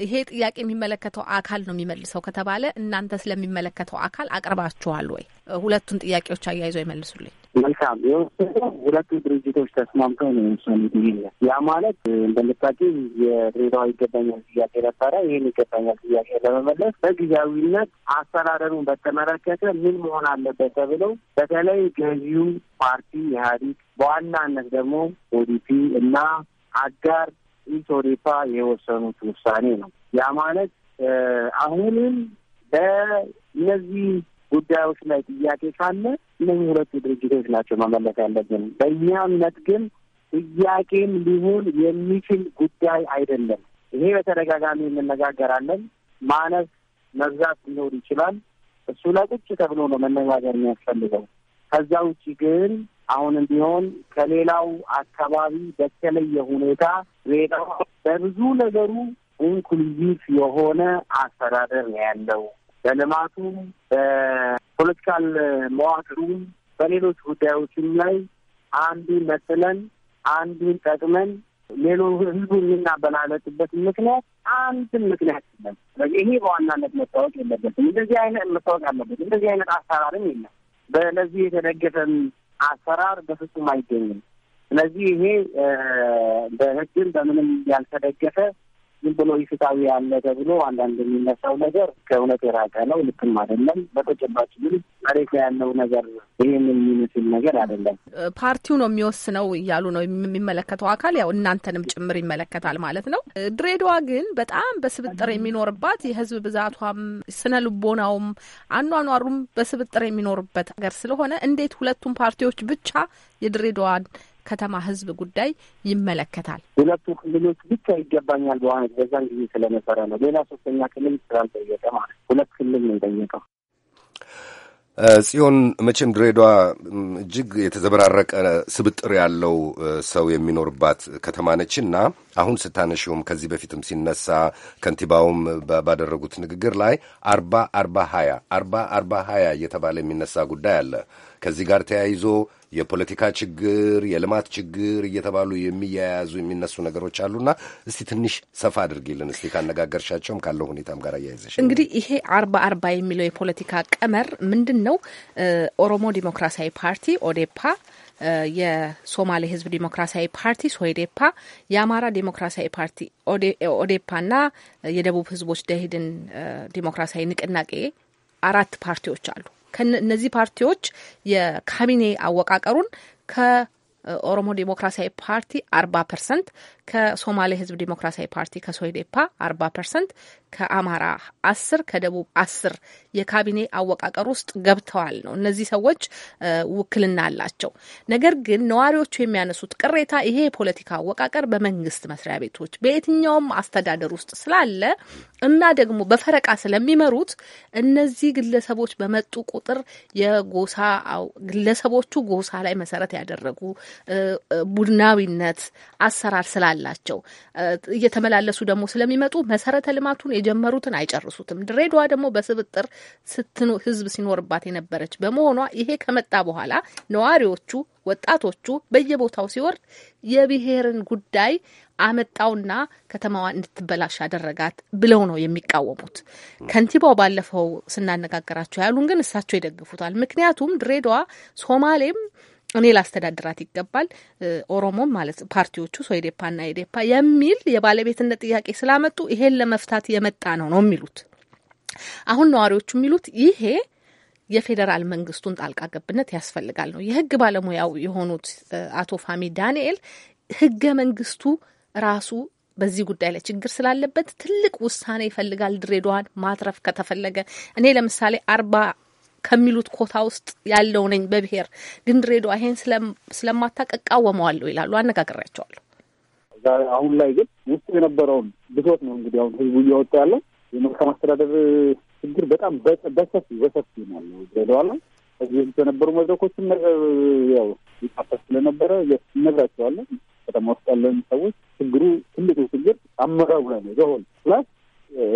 ይሄ ጥያቄ የሚመለከተው አካል ነው የሚመልሰው ከተባለ እናንተ ስለሚመለከተው አካል አቅርባችኋል ወይ? ሁለቱን ጥያቄዎች አያይዘው ይመልሱልኝ። መልካም ሁለቱ ድርጅቶች ተስማምተው ነው የወሰኑት። ይህ ያ ማለት እንደምታውቂው የድሬዳዋ ይገባኛል ጥያቄ ነበረ። ይህን ይገባኛል ጥያቄ ለመመለስ በጊዜያዊነት አስተዳደሩን በተመለከተ ምን መሆን አለበት ተብለው በተለይ ገዢው ፓርቲ ኢህአዴግ በዋናነት ደግሞ ኦዲፒ እና አጋር ኢሶዴፓ የወሰኑት ውሳኔ ነው። ያ ማለት አሁንም በእነዚህ ጉዳዮች ላይ ጥያቄ ካለ እነዚህ ሁለቱ ድርጅቶች ናቸው መመለስ ያለብን። በእኛ እምነት ግን ጥያቄም ሊሆን የሚችል ጉዳይ አይደለም። ይሄ በተደጋጋሚ እንነጋገራለን። ማነስ መብዛት ሊኖር ይችላል። እሱ ላይ ቁጭ ተብሎ ነው መነጋገር የሚያስፈልገው። ከዛ ውጭ ግን አሁንም ቢሆን ከሌላው አካባቢ በተለየ ሁኔታ ሌላው በብዙ ነገሩ ኢንክሉዚቭ የሆነ አስተዳደር ነው ያለው። በልማቱም፣ በፖለቲካል መዋቅሩም፣ በሌሎች ጉዳዮችም ላይ አንዱን መስለን አንዱን ጠቅመን ሌሎ ህዝቡ የምናበላለጥበት ምክንያት አንድም ምክንያት የለም። ስለዚህ ይሄ በዋናነት መታወቅ የለበትም። እንደዚህ አይነት መታወቅ አለበት። እንደዚህ አይነት አሰራርም የለም። በለዚህ የተደገፈም አሰራር በፍጹም አይገኝም። ስለዚህ ይሄ በህግም በምንም ያልተደገፈ ዝም ብሎ ይፍታዊ ያለ ተብሎ አንዳንድ የሚነሳው ነገር ከእውነት የራቀ ነው፣ ልክም አይደለም። በተጨባጭ ግን መሬት ላይ ያለው ነገር ይህን የሚመስል ነገር አይደለም። ፓርቲው ነው የሚወስነው እያሉ ነው የሚመለከተው አካል ያው እናንተንም ጭምር ይመለከታል ማለት ነው። ድሬዳዋ ግን በጣም በስብጥር የሚኖርባት የህዝብ ብዛቷም ስነ ልቦናውም አኗኗሩም በስብጥር የሚኖርበት ሀገር ስለሆነ እንዴት ሁለቱም ፓርቲዎች ብቻ የድሬዳዋን ከተማ ህዝብ ጉዳይ ይመለከታል። ሁለቱ ክልሎች ብቻ ይገባኛል በዋነት በዛን ጊዜ ስለነበረ ነው። ሌላ ሶስተኛ ክልል ስላልጠየቀ ማለት ሁለት ክልል ነው የጠየቀው። ጽዮን መቼም ድሬዷ እጅግ የተዘበራረቀ ስብጥር ያለው ሰው የሚኖርባት ከተማ ነችና አሁን ስታነሽውም ከዚህ በፊትም ሲነሳ ከንቲባውም ባደረጉት ንግግር ላይ አርባ አርባ ሀያ አርባ አርባ ሀያ እየተባለ የሚነሳ ጉዳይ አለ። ከዚህ ጋር ተያይዞ የፖለቲካ ችግር፣ የልማት ችግር እየተባሉ የሚያያዙ የሚነሱ ነገሮች አሉና እስቲ ትንሽ ሰፋ አድርጊልን እስቲ ካነጋገርሻቸውም ካለው ሁኔታም ጋር አያይዘሽ። እንግዲህ ይሄ አርባ አርባ የሚለው የፖለቲካ ቀመር ምንድን ነው? ኦሮሞ ዲሞክራሲያዊ ፓርቲ ኦዴፓ የሶማሌ ህዝብ ዲሞክራሲያዊ ፓርቲ ሶይዴፓ፣ የአማራ ዲሞክራሲያዊ ፓርቲ ኦዴፓና የደቡብ ህዝቦች ደኢህዴን ዲሞክራሲያዊ ንቅናቄ አራት ፓርቲዎች አሉ። እነዚህ ፓርቲዎች የካቢኔ አወቃቀሩን ከኦሮሞ ዴሞክራሲያዊ ፓርቲ አርባ ፐርሰንት ከሶማሌ ህዝብ ዴሞክራሲያዊ ፓርቲ ከሶይዴፓ አርባ ፐርሰንት ከአማራ አስር ከደቡብ አስር የካቢኔ አወቃቀር ውስጥ ገብተዋል ነው። እነዚህ ሰዎች ውክልና አላቸው። ነገር ግን ነዋሪዎቹ የሚያነሱት ቅሬታ ይሄ የፖለቲካ አወቃቀር በመንግስት መስሪያ ቤቶች በየትኛውም አስተዳደር ውስጥ ስላለ እና ደግሞ በፈረቃ ስለሚመሩት እነዚህ ግለሰቦች በመጡ ቁጥር የጎሳ ግለሰቦቹ ጎሳ ላይ መሰረት ያደረጉ ቡድናዊነት አሰራር ስላላቸው እየተመላለሱ ደግሞ ስለሚመጡ መሰረተ ልማቱን የጀመሩትን አይጨርሱትም። ድሬዳዋ ደግሞ በስብጥር ህዝብ ሲኖርባት የነበረች በመሆኗ ይሄ ከመጣ በኋላ ነዋሪዎቹ፣ ወጣቶቹ በየቦታው ሲወርድ የብሔርን ጉዳይ አመጣውና ከተማዋ እንድትበላሽ አደረጋት ብለው ነው የሚቃወሙት። ከንቲባው ባለፈው ስናነጋገራቸው ያሉን ግን እሳቸው ይደግፉታል። ምክንያቱም ድሬዳዋ ሶማሌም እኔ ላስተዳድራት ይገባል፣ ኦሮሞም ማለት ፓርቲዎቹ ሶኢዴፓና ኢዴፓ የሚል የባለቤትነት ጥያቄ ስላመጡ ይሄን ለመፍታት የመጣ ነው ነው የሚሉት። አሁን ነዋሪዎቹ የሚሉት ይሄ የፌዴራል መንግስቱን ጣልቃ ገብነት ያስፈልጋል ነው። የህግ ባለሙያው የሆኑት አቶ ፋሚ ዳንኤል ህገ መንግስቱ ራሱ በዚህ ጉዳይ ላይ ችግር ስላለበት ትልቅ ውሳኔ ይፈልጋል ድሬዳዋን ማትረፍ ከተፈለገ። እኔ ለምሳሌ አርባ ከሚሉት ኮታ ውስጥ ያለው ነኝ በብሔር ግን ድሬዳዋ ይሄን ስለማታውቅ እቃወመዋለሁ ይላሉ። አነጋግሬያቸዋለሁ። አሁን ላይ ግን ውስጡ የነበረውን ብሶት ነው እንግዲህ አሁን ህዝቡ እያወጣ ያለው የመልካም አስተዳደር ችግር በጣም በሰፊ በሰፊ ነው ድሬዳዋ ላይ ከዚህ በፊት የነበሩ መድረኮችን ያው ይጣፈስ ስለነበረ እነግራቸዋለን። ከተማ ውስጥ ያለን ሰዎች ችግሩ ትልቁ ችግር አመራሩ ላይ ነው ዘሆን ፕላስ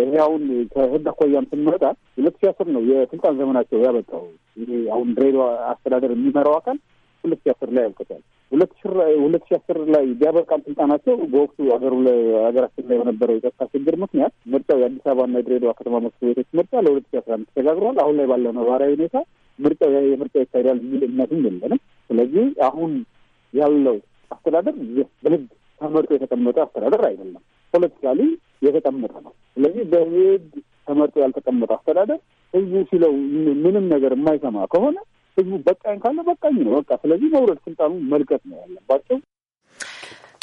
ይሄ አሁን ከህግ አኳያም ስንመጣ ሁለት ሺ አስር ነው የስልጣን ዘመናቸው ያበቃው። አሁን ድሬዳዋ አስተዳደር የሚመራው አካል ሁለት ሺ አስር ላይ ያውቀታል። ሁለት ሺ ሁለት ሺ አስር ላይ ቢያበቃም ስልጣናቸው በወቅቱ ሀገሩ ላይ ሀገራችን ላይ በነበረው የጸጥታ ችግር ምክንያት ምርጫው የአዲስ አበባና የድሬዳዋ ከተማ መስሪያ ቤቶች ምርጫ ለሁለት ሺ አስራ አምስት ተጋግሯል። አሁን ላይ ባለው ነባራዊ ሁኔታ ምርጫው የምርጫ ይካሄዳል የሚል እምነትም የለንም። ስለዚህ አሁን ያለው አስተዳደር በህግ ተመርጦ የተቀመጠ አስተዳደር አይደለም። ፖለቲካሊ የተቀመጠ ነው። ስለዚህ በህግ ተመርጦ ያልተቀመጠ አስተዳደር ህዝቡ ሲለው ምንም ነገር የማይሰማ ከሆነ ህዝቡ በቃኝ ካለ በቃኝ ነው በቃ። ስለዚህ መውረድ ስልጣኑ መልቀቅ ነው ያለባቸው።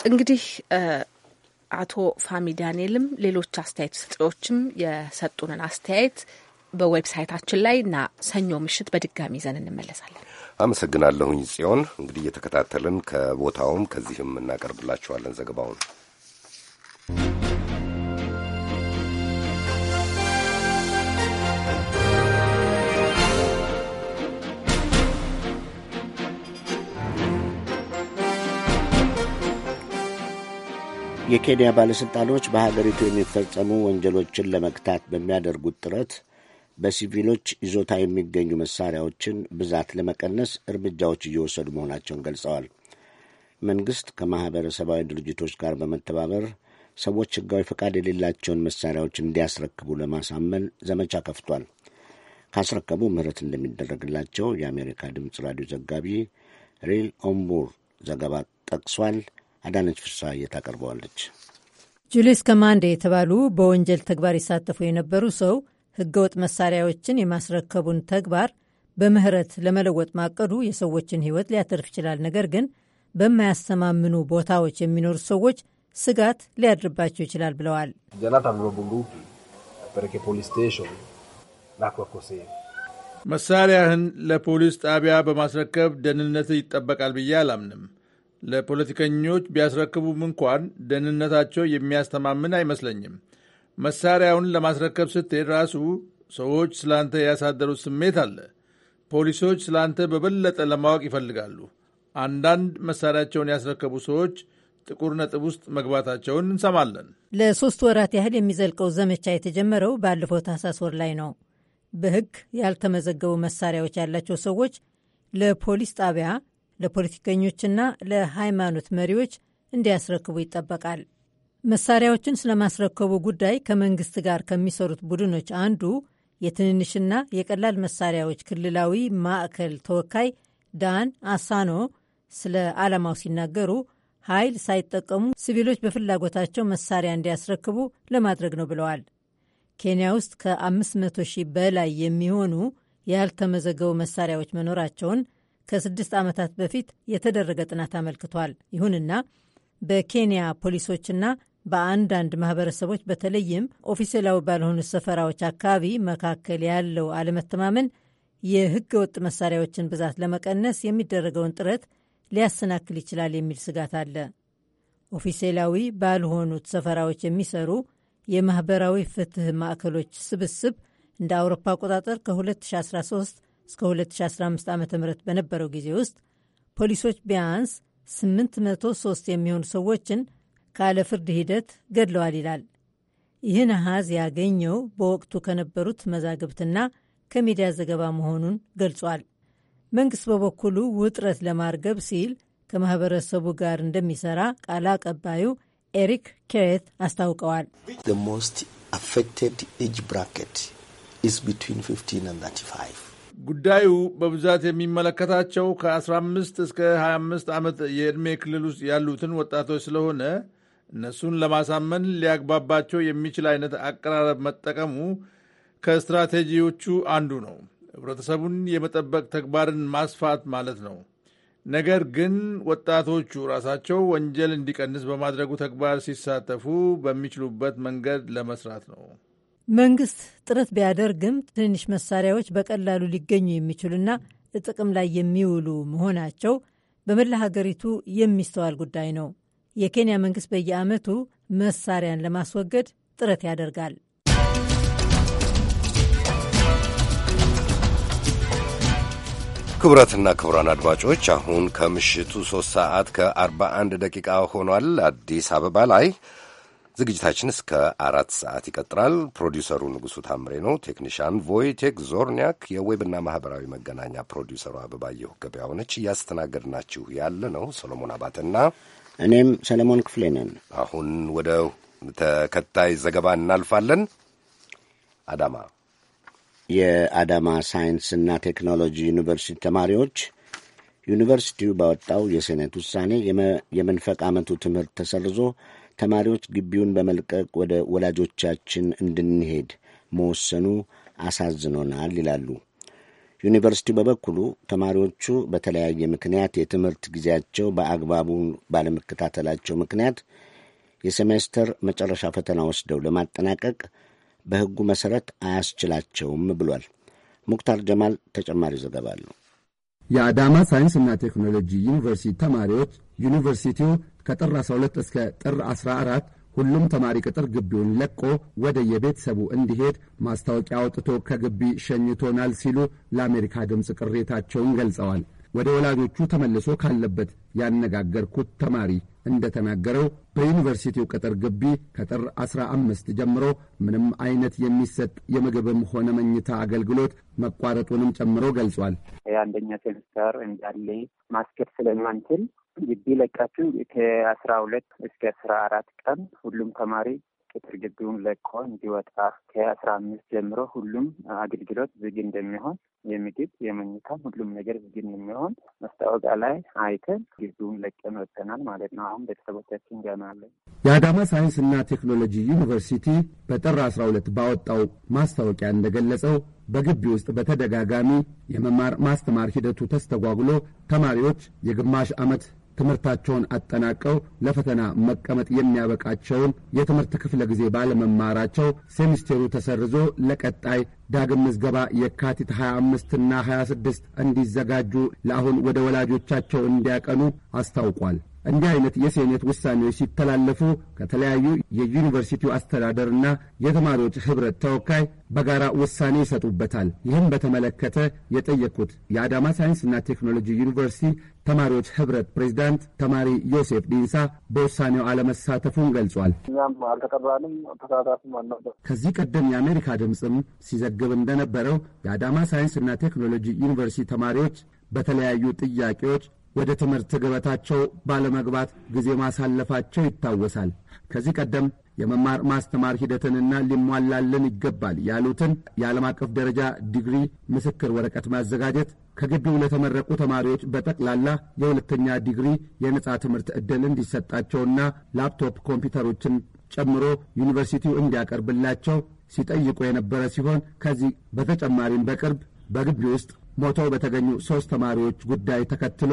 እንግዲህ አቶ ፋሚ ዳንኤልም ሌሎች አስተያየት ሰጪዎችም የሰጡንን አስተያየት በዌብሳይታችን ላይ እና ሰኞ ምሽት በድጋሚ ይዘን እንመለሳለን። አመሰግናለሁኝ ጽዮን። እንግዲህ እየተከታተልን ከቦታውም ከዚህም እናቀርብላችኋለን ዘገባውን። የኬንያ ባለሥልጣኖች በሀገሪቱ የሚፈጸሙ ወንጀሎችን ለመግታት በሚያደርጉት ጥረት በሲቪሎች ይዞታ የሚገኙ መሳሪያዎችን ብዛት ለመቀነስ እርምጃዎች እየወሰዱ መሆናቸውን ገልጸዋል። መንግሥት ከማኅበረሰባዊ ድርጅቶች ጋር በመተባበር ሰዎች ሕጋዊ ፈቃድ የሌላቸውን መሳሪያዎች እንዲያስረክቡ ለማሳመን ዘመቻ ከፍቷል። ካስረከቡ ምሕረት እንደሚደረግላቸው የአሜሪካ ድምፅ ራዲዮ ዘጋቢ ሪል ኦምቡር ዘገባ ጠቅሷል። አዳነች ፍስሐ ታቀርበዋለች። ጁሊስ ከማንዴ የተባሉ በወንጀል ተግባር ይሳተፉ የነበሩ ሰው ህገወጥ መሳሪያዎችን የማስረከቡን ተግባር በምህረት ለመለወጥ ማቀዱ የሰዎችን ህይወት ሊያተርፍ ይችላል። ነገር ግን በማያስተማምኑ ቦታዎች የሚኖሩ ሰዎች ስጋት ሊያድርባቸው ይችላል ብለዋል። መሳሪያህን ለፖሊስ ጣቢያ በማስረከብ ደህንነት ይጠበቃል ብዬ አላምንም። ለፖለቲከኞች ቢያስረክቡም እንኳን ደህንነታቸው የሚያስተማምን አይመስለኝም። መሳሪያውን ለማስረከብ ስትሄድ ራሱ ሰዎች ስላንተ ያሳደሩት ስሜት አለ። ፖሊሶች ስላንተ በበለጠ ለማወቅ ይፈልጋሉ። አንዳንድ መሳሪያቸውን ያስረከቡ ሰዎች ጥቁር ነጥብ ውስጥ መግባታቸውን እንሰማለን። ለሶስት ወራት ያህል የሚዘልቀው ዘመቻ የተጀመረው ባለፈው ታህሳስ ወር ላይ ነው። በሕግ ያልተመዘገቡ መሳሪያዎች ያላቸው ሰዎች ለፖሊስ ጣቢያ ለፖለቲከኞችና ለሃይማኖት መሪዎች እንዲያስረክቡ ይጠበቃል። መሳሪያዎችን ስለማስረከቡ ጉዳይ ከመንግስት ጋር ከሚሰሩት ቡድኖች አንዱ የትንንሽና የቀላል መሳሪያዎች ክልላዊ ማዕከል ተወካይ ዳን አሳኖ ስለ ዓላማው ሲናገሩ ኃይል ሳይጠቀሙ ሲቪሎች በፍላጎታቸው መሳሪያ እንዲያስረክቡ ለማድረግ ነው ብለዋል። ኬንያ ውስጥ ከ500 ሺህ በላይ የሚሆኑ ያልተመዘገቡ መሳሪያዎች መኖራቸውን ከስድስት ዓመታት በፊት የተደረገ ጥናት አመልክቷል። ይሁንና በኬንያ ፖሊሶችና በአንዳንድ ማህበረሰቦች በተለይም ኦፊሴላዊ ባልሆኑ ሰፈራዎች አካባቢ መካከል ያለው አለመተማመን የህገ ወጥ መሳሪያዎችን ብዛት ለመቀነስ የሚደረገውን ጥረት ሊያሰናክል ይችላል የሚል ስጋት አለ። ኦፊሴላዊ ባልሆኑት ሰፈራዎች የሚሰሩ የማኅበራዊ ፍትሕ ማዕከሎች ስብስብ እንደ አውሮፓ አቆጣጠር ከ2013 እስከ 2015 ዓ ም በነበረው ጊዜ ውስጥ ፖሊሶች ቢያንስ 803 የሚሆኑ ሰዎችን ካለ ፍርድ ሂደት ገድለዋል ይላል። ይህን አሃዝ ያገኘው በወቅቱ ከነበሩት መዛግብትና ከሚዲያ ዘገባ መሆኑን ገልጿል። መንግሥት በበኩሉ ውጥረት ለማርገብ ሲል ከማኅበረሰቡ ጋር እንደሚሠራ ቃል አቀባዩ ኤሪክ ኬሬት አስታውቀዋል። ሞስት አፌክትድ ኤጅ ብራኬት ኢዝ ቢትዊን 15 35 ጉዳዩ በብዛት የሚመለከታቸው ከ15 እስከ 25 ዓመት የዕድሜ ክልል ውስጥ ያሉትን ወጣቶች ስለሆነ እነሱን ለማሳመን ሊያግባባቸው የሚችል አይነት አቀራረብ መጠቀሙ ከስትራቴጂዎቹ አንዱ ነው። ህብረተሰቡን የመጠበቅ ተግባርን ማስፋት ማለት ነው። ነገር ግን ወጣቶቹ ራሳቸው ወንጀል እንዲቀንስ በማድረጉ ተግባር ሲሳተፉ በሚችሉበት መንገድ ለመስራት ነው። መንግስት ጥረት ቢያደርግም ትንንሽ መሳሪያዎች በቀላሉ ሊገኙ የሚችሉና ጥቅም ላይ የሚውሉ መሆናቸው በመላ ሀገሪቱ የሚስተዋል ጉዳይ ነው። የኬንያ መንግስት በየዓመቱ መሳሪያን ለማስወገድ ጥረት ያደርጋል። ክቡራትና ክቡራን አድማጮች አሁን ከምሽቱ 3 ሰዓት ከ41 ደቂቃ ሆኗል። አዲስ አበባ ላይ ዝግጅታችን እስከ አራት ሰዓት ይቀጥላል። ፕሮዲውሰሩ ንጉሡ ታምሬ ነው። ቴክኒሻን ቮይቴክ ዞርኒያክ፣ የዌብና ማህበራዊ መገናኛ ፕሮዲውሰሩ አበባየሁ ገበያው ነች። እያስተናገድናችሁ ያለ ነው ሰሎሞን አባተና እኔም ሰለሞን ክፍሌ ነን። አሁን ወደ ተከታይ ዘገባ እናልፋለን። አዳማ የአዳማ ሳይንስና ቴክኖሎጂ ዩኒቨርሲቲ ተማሪዎች ዩኒቨርሲቲው ባወጣው የሴኔት ውሳኔ የመንፈቅ ዓመቱ ትምህርት ተሰርዞ ተማሪዎች ግቢውን በመልቀቅ ወደ ወላጆቻችን እንድንሄድ መወሰኑ አሳዝኖናል ይላሉ። ዩኒቨርስቲው በበኩሉ ተማሪዎቹ በተለያየ ምክንያት የትምህርት ጊዜያቸው በአግባቡ ባለመከታተላቸው ምክንያት የሴሜስተር መጨረሻ ፈተና ወስደው ለማጠናቀቅ በሕጉ መሠረት አያስችላቸውም ብሏል። ሙክታር ጀማል ተጨማሪ ዘገባ አለው። የአዳማ ሳይንስና ቴክኖሎጂ ዩኒቨርሲቲ ተማሪዎች ዩኒቨርሲቲው ከጥር 12 እስከ ጥር 14 ሁሉም ተማሪ ቅጥር ግቢውን ለቆ ወደ የቤተሰቡ እንዲሄድ ማስታወቂያ አውጥቶ ከግቢ ሸኝቶናል ሲሉ ለአሜሪካ ድምፅ ቅሬታቸውን ገልጸዋል። ወደ ወላጆቹ ተመልሶ ካለበት ያነጋገርኩት ተማሪ እንደተናገረው በዩኒቨርሲቲው ቅጥር ግቢ ከጥር 15 ጀምሮ ምንም አይነት የሚሰጥ የምግብም ሆነ መኝታ አገልግሎት መቋረጡንም ጨምሮ ገልጿል። የአንደኛ ሴምስተር እንዳለ ማስኬድ ስለማንችል ግቢ ለቃችሁ ከአስራ ሁለት እስከ አስራ አራት ቀን ሁሉም ተማሪ ቅጥር ግቢውን ለቆ እንዲወጣ ከአስራ አምስት ጀምሮ ሁሉም አገልግሎት ዝግ እንደሚሆን የምግብ የመኝታ ሁሉም ነገር ዝግ እንደሚሆን ማስታወቂያ ላይ አይተን ግቢውን ለቀን ወጥተናል ማለት ነው። አሁን ቤተሰቦቻችን ገና አለን። የአዳማ ሳይንስና ቴክኖሎጂ ዩኒቨርሲቲ በጥር አስራ ሁለት ባወጣው ማስታወቂያ እንደገለጸው በግቢ ውስጥ በተደጋጋሚ የመማር ማስተማር ሂደቱ ተስተጓጉሎ ተማሪዎች የግማሽ ዓመት ትምህርታቸውን አጠናቀው ለፈተና መቀመጥ የሚያበቃቸውን የትምህርት ክፍለ ጊዜ ባለመማራቸው ሴሚስቴሩ ተሰርዞ ለቀጣይ ዳግም ምዝገባ የካቲት 25ና 26 እንዲዘጋጁ ለአሁን ወደ ወላጆቻቸው እንዲያቀኑ አስታውቋል። እንዲህ አይነት የሴኔት ውሳኔዎች ሲተላለፉ ከተለያዩ የዩኒቨርሲቲው አስተዳደርና የተማሪዎች ህብረት ተወካይ በጋራ ውሳኔ ይሰጡበታል። ይህም በተመለከተ የጠየቅኩት የአዳማ ሳይንስና ቴክኖሎጂ ዩኒቨርሲቲ ተማሪዎች ህብረት ፕሬዚዳንት ተማሪ ዮሴፍ ዲንሳ በውሳኔው አለመሳተፉን ገልጿል። እኛም አልተቀራንም፣ ተሳታፊም አልነበር። ከዚህ ቀደም የአሜሪካ ድምፅም ሲዘግብ እንደነበረው የአዳማ ሳይንስና ቴክኖሎጂ ዩኒቨርሲቲ ተማሪዎች በተለያዩ ጥያቄዎች ወደ ትምህርት ገበታቸው ባለመግባት ጊዜ ማሳለፋቸው ይታወሳል። ከዚህ ቀደም የመማር ማስተማር ሂደትንና ሊሟላልን ይገባል ያሉትን የዓለም አቀፍ ደረጃ ዲግሪ ምስክር ወረቀት ማዘጋጀት፣ ከግቢው ለተመረቁ ተማሪዎች በጠቅላላ የሁለተኛ ዲግሪ የነጻ ትምህርት ዕድል እንዲሰጣቸውና ላፕቶፕ ኮምፒውተሮችን ጨምሮ ዩኒቨርሲቲው እንዲያቀርብላቸው ሲጠይቁ የነበረ ሲሆን ከዚህ በተጨማሪም በቅርብ በግቢ ውስጥ ሞተው በተገኙ ሦስት ተማሪዎች ጉዳይ ተከትሎ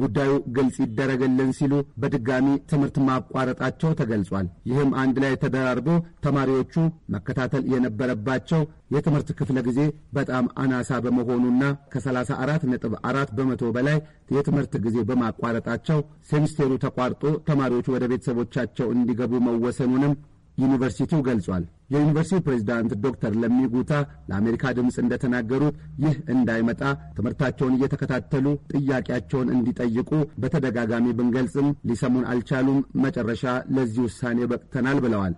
ጉዳዩ ግልጽ ይደረግልን ሲሉ በድጋሚ ትምህርት ማቋረጣቸው ተገልጿል። ይህም አንድ ላይ ተደራርቦ ተማሪዎቹ መከታተል የነበረባቸው የትምህርት ክፍለ ጊዜ በጣም አናሳ በመሆኑና ከ34.4 በመቶ በላይ የትምህርት ጊዜ በማቋረጣቸው ሴሚስቴሩ ተቋርጦ ተማሪዎቹ ወደ ቤተሰቦቻቸው እንዲገቡ መወሰኑንም ዩኒቨርሲቲው ገልጿል። የዩኒቨርሲቲው ፕሬዚዳንት ዶክተር ለሚጉታ ለአሜሪካ ድምፅ እንደተናገሩት ይህ እንዳይመጣ ትምህርታቸውን እየተከታተሉ ጥያቄያቸውን እንዲጠይቁ በተደጋጋሚ ብንገልጽም ሊሰሙን አልቻሉም። መጨረሻ ለዚህ ውሳኔ በቅተናል ብለዋል።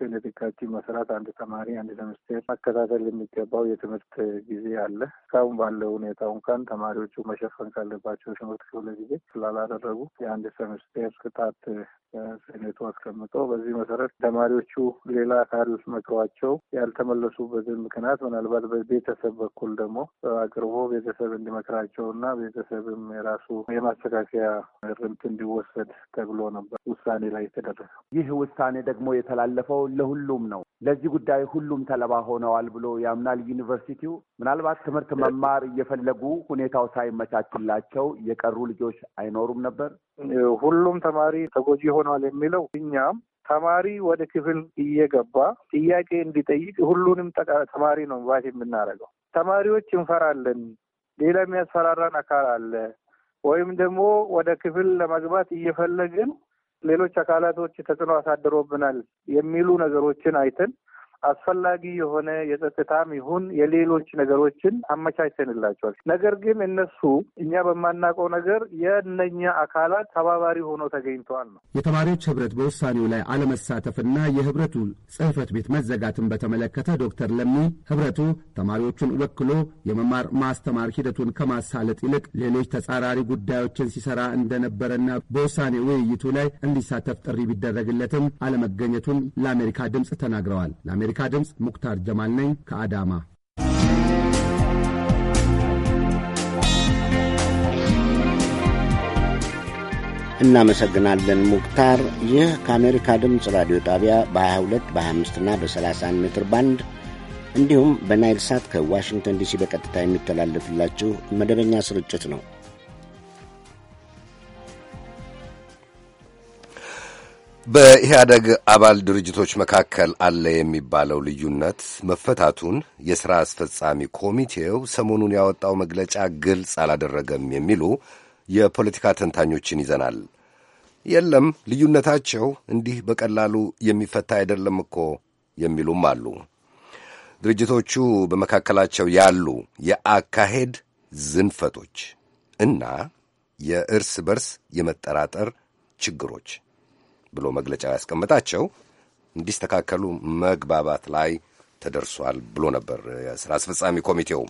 ሴኔቲካቲቭ መስራት አንድ ተማሪ አንድ ሴምስቴር መከታተል የሚገባው የትምህርት ጊዜ አለ። እስካሁን ባለው ሁኔታ እንኳን ተማሪዎቹ መሸፈን ካለባቸው ትምህርት ክፍለ ጊዜ ስላላደረጉ የአንድ ሰምስቴር ቅጣት ሴኔቱ አስቀምጦ በዚህ መሰረት ተማሪዎቹ ሌላ አካል መክሯቸው ያልተመለሱበትን ምክንያት ምናልባት በቤተሰብ በኩል ደግሞ አቅርቦ ቤተሰብ እንዲመክራቸው እና ቤተሰብም የራሱ የማስተካከያ እርምት እንዲወሰድ ተብሎ ነበር ውሳኔ ላይ የተደረሰው። ይህ ውሳኔ ደግሞ የተላለፈው ለሁሉም ነው። ለዚህ ጉዳይ ሁሉም ተለባ ሆነዋል ብሎ ያምናል ዩኒቨርሲቲው። ምናልባት ትምህርት መማር እየፈለጉ ሁኔታው ሳይመቻችላቸው የቀሩ ልጆች አይኖሩም ነበር። ሁሉም ተማሪ ተጎጂ ሆነዋል የሚለው እኛም ተማሪ ወደ ክፍል እየገባ ጥያቄ እንዲጠይቅ ሁሉንም ተማሪ ነው ባት የምናደርገው። ተማሪዎች እንፈራለን፣ ሌላ የሚያስፈራራን አካል አለ ወይም ደግሞ ወደ ክፍል ለመግባት እየፈለግን ሌሎች አካላቶች ተጽዕኖ አሳድሮብናል የሚሉ ነገሮችን አይተን አስፈላጊ የሆነ የጸጥታም ይሁን የሌሎች ነገሮችን አመቻችተንላቸዋል። ነገር ግን እነሱ እኛ በማናውቀው ነገር የእነኛ አካላት ተባባሪ ሆኖ ተገኝተዋል ነው። የተማሪዎች ህብረት በውሳኔው ላይ አለመሳተፍና የህብረቱ ጽህፈት ቤት መዘጋትን በተመለከተ ዶክተር ለሚ ህብረቱ ተማሪዎቹን ወክሎ የመማር ማስተማር ሂደቱን ከማሳለጥ ይልቅ ሌሎች ተጻራሪ ጉዳዮችን ሲሰራ እንደነበረና በውሳኔ ውይይቱ ላይ እንዲሳተፍ ጥሪ ቢደረግለትም አለመገኘቱን ለአሜሪካ ድምፅ ተናግረዋል። ለአሜሪካ ድምፅ ሙክታር ጀማል ነኝ ከአዳማ። እናመሰግናለን ሙክታር። ይህ ከአሜሪካ ድምፅ ራዲዮ ጣቢያ በ22 በ25 እና በ31 ሜትር ባንድ እንዲሁም በናይል ሳት ከዋሽንግተን ዲሲ በቀጥታ የሚተላለፍላችሁ መደበኛ ስርጭት ነው። በኢህአደግ አባል ድርጅቶች መካከል አለ የሚባለው ልዩነት መፈታቱን የሥራ አስፈጻሚ ኮሚቴው ሰሞኑን ያወጣው መግለጫ ግልጽ አላደረገም የሚሉ የፖለቲካ ተንታኞችን ይዘናል። የለም ልዩነታቸው እንዲህ በቀላሉ የሚፈታ አይደለም እኮ የሚሉም አሉ። ድርጅቶቹ በመካከላቸው ያሉ የአካሄድ ዝንፈቶች እና የእርስ በርስ የመጠራጠር ችግሮች ብሎ መግለጫው ያስቀመጣቸው እንዲስተካከሉ መግባባት ላይ ተደርሷል ብሎ ነበር የስራ አስፈጻሚ ኮሚቴው።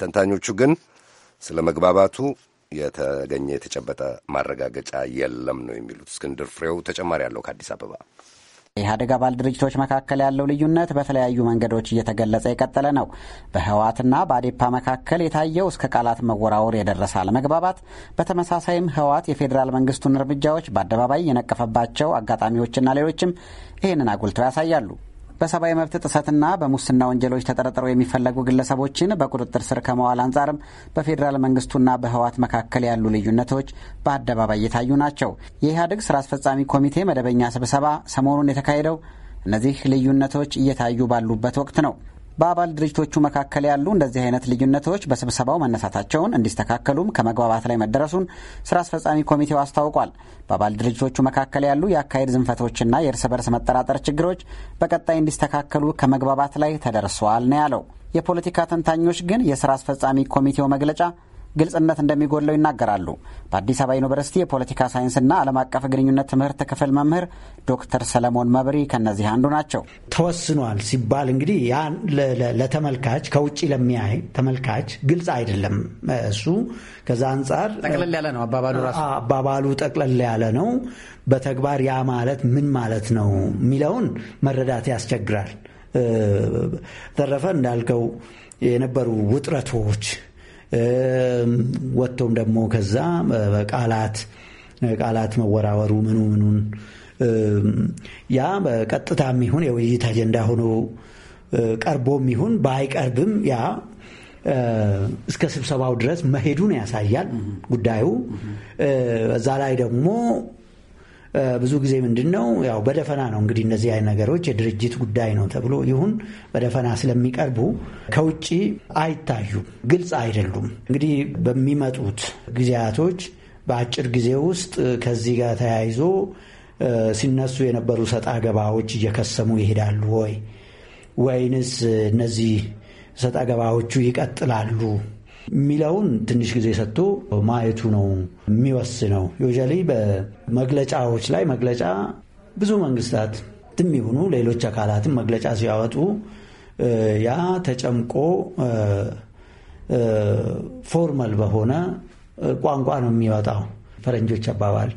ተንታኞቹ ግን ስለ መግባባቱ የተገኘ የተጨበጠ ማረጋገጫ የለም ነው የሚሉት። እስክንድር ፍሬው ተጨማሪ አለው ከአዲስ አበባ ኢህአዴግ አባል ድርጅቶች መካከል ያለው ልዩነት በተለያዩ መንገዶች እየተገለጸ የቀጠለ ነው። በህወሓትና በአዴፓ መካከል የታየው እስከ ቃላት መወራወር የደረሰ አለመግባባት፣ በተመሳሳይም ህወሓት የፌዴራል መንግስቱን እርምጃዎች በአደባባይ የነቀፈባቸው አጋጣሚዎችና ሌሎችም ይህንን አጉልተው ያሳያሉ። በሰብአዊ መብት ጥሰትና በሙስና ወንጀሎች ተጠርጥረው የሚፈለጉ ግለሰቦችን በቁጥጥር ስር ከመዋል አንጻርም በፌዴራል መንግስቱና በህወሓት መካከል ያሉ ልዩነቶች በአደባባይ የታዩ ናቸው። የኢህአዴግ ስራ አስፈጻሚ ኮሚቴ መደበኛ ስብሰባ ሰሞኑን የተካሄደው እነዚህ ልዩነቶች እየታዩ ባሉበት ወቅት ነው። በአባል ድርጅቶቹ መካከል ያሉ እንደዚህ አይነት ልዩነቶች በስብሰባው መነሳታቸውን እንዲስተካከሉም ከመግባባት ላይ መደረሱን ስራ አስፈጻሚ ኮሚቴው አስታውቋል። በአባል ድርጅቶቹ መካከል ያሉ የአካሄድ ዝንፈቶችና የእርስ በርስ መጠራጠር ችግሮች በቀጣይ እንዲስተካከሉ ከመግባባት ላይ ተደርሰዋል ነው ያለው። የፖለቲካ ተንታኞች ግን የስራ አስፈጻሚ ኮሚቴው መግለጫ ግልጽነት እንደሚጎድለው ይናገራሉ። በአዲስ አበባ ዩኒቨርሲቲ የፖለቲካ ሳይንስና ዓለም አቀፍ ግንኙነት ትምህርት ክፍል መምህር ዶክተር ሰለሞን መብሪ ከእነዚህ አንዱ ናቸው። ተወስኗል ሲባል እንግዲህ ለተመልካች ከውጭ ለሚያይ ተመልካች ግልጽ አይደለም። እሱ ከዛ አንጻር ጠቅለል ያለ ነው አባባሉ ራሱ አባባሉ ጠቅለል ያለ ነው። በተግባር ያ ማለት ምን ማለት ነው የሚለውን መረዳት ያስቸግራል። ተረፈ እንዳልከው የነበሩ ውጥረቶች ወጥቶም ደግሞ ከዛ በቃላት ቃላት መወራወሩ ምኑ ምኑን ያ በቀጥታ ይሁን የውይይት አጀንዳ ሆኖ ቀርቦ ይሁን ባይቀርብም ያ እስከ ስብሰባው ድረስ መሄዱን ያሳያል ጉዳዩ። በዛ ላይ ደግሞ ብዙ ጊዜ ምንድን ነው ያው በደፈና ነው እንግዲህ እነዚህ አይነት ነገሮች የድርጅት ጉዳይ ነው ተብሎ ይሁን በደፈና ስለሚቀርቡ ከውጭ አይታዩም፣ ግልጽ አይደሉም። እንግዲህ በሚመጡት ጊዜያቶች በአጭር ጊዜ ውስጥ ከዚህ ጋር ተያይዞ ሲነሱ የነበሩ ሰጣ ገባዎች እየከሰሙ ይሄዳሉ ወይ ወይንስ እነዚህ ሰጣ ገባዎቹ ይቀጥላሉ የሚለውን ትንሽ ጊዜ ሰጥቶ ማየቱ ነው የሚወስነው። ዩዥያሊ በመግለጫዎች ላይ መግለጫ ብዙ መንግስታት የሚሆኑ ሌሎች አካላትም መግለጫ ሲያወጡ ያ ተጨምቆ ፎርማል በሆነ ቋንቋ ነው የሚወጣው። ፈረንጆች አባባል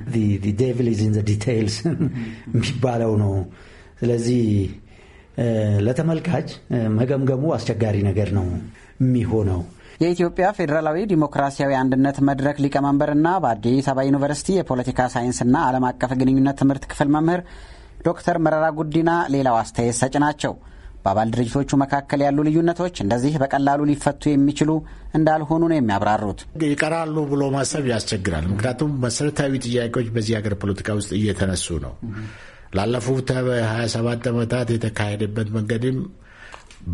ዴቪል ኢዝ ኢን ዘ ዲቴይልስ *laughs* የሚባለው ነው። ስለዚህ ለተመልካች መገምገሙ አስቸጋሪ ነገር ነው የሚሆነው። የኢትዮጵያ ፌዴራላዊ ዲሞክራሲያዊ አንድነት መድረክ ሊቀመንበርና በአዲስ አበባ ዩኒቨርሲቲ የፖለቲካ ሳይንስና ዓለም አቀፍ ግንኙነት ትምህርት ክፍል መምህር ዶክተር መረራ ጉዲና ሌላው አስተያየት ሰጭ ናቸው። በአባል ድርጅቶቹ መካከል ያሉ ልዩነቶች እንደዚህ በቀላሉ ሊፈቱ የሚችሉ እንዳልሆኑ ነው የሚያብራሩት። ይቀራሉ ብሎ ማሰብ ያስቸግራል። ምክንያቱም መሰረታዊ ጥያቄዎች በዚህ ሀገር ፖለቲካ ውስጥ እየተነሱ ነው። ላለፉት 27 ዓመታት የተካሄደበት መንገድም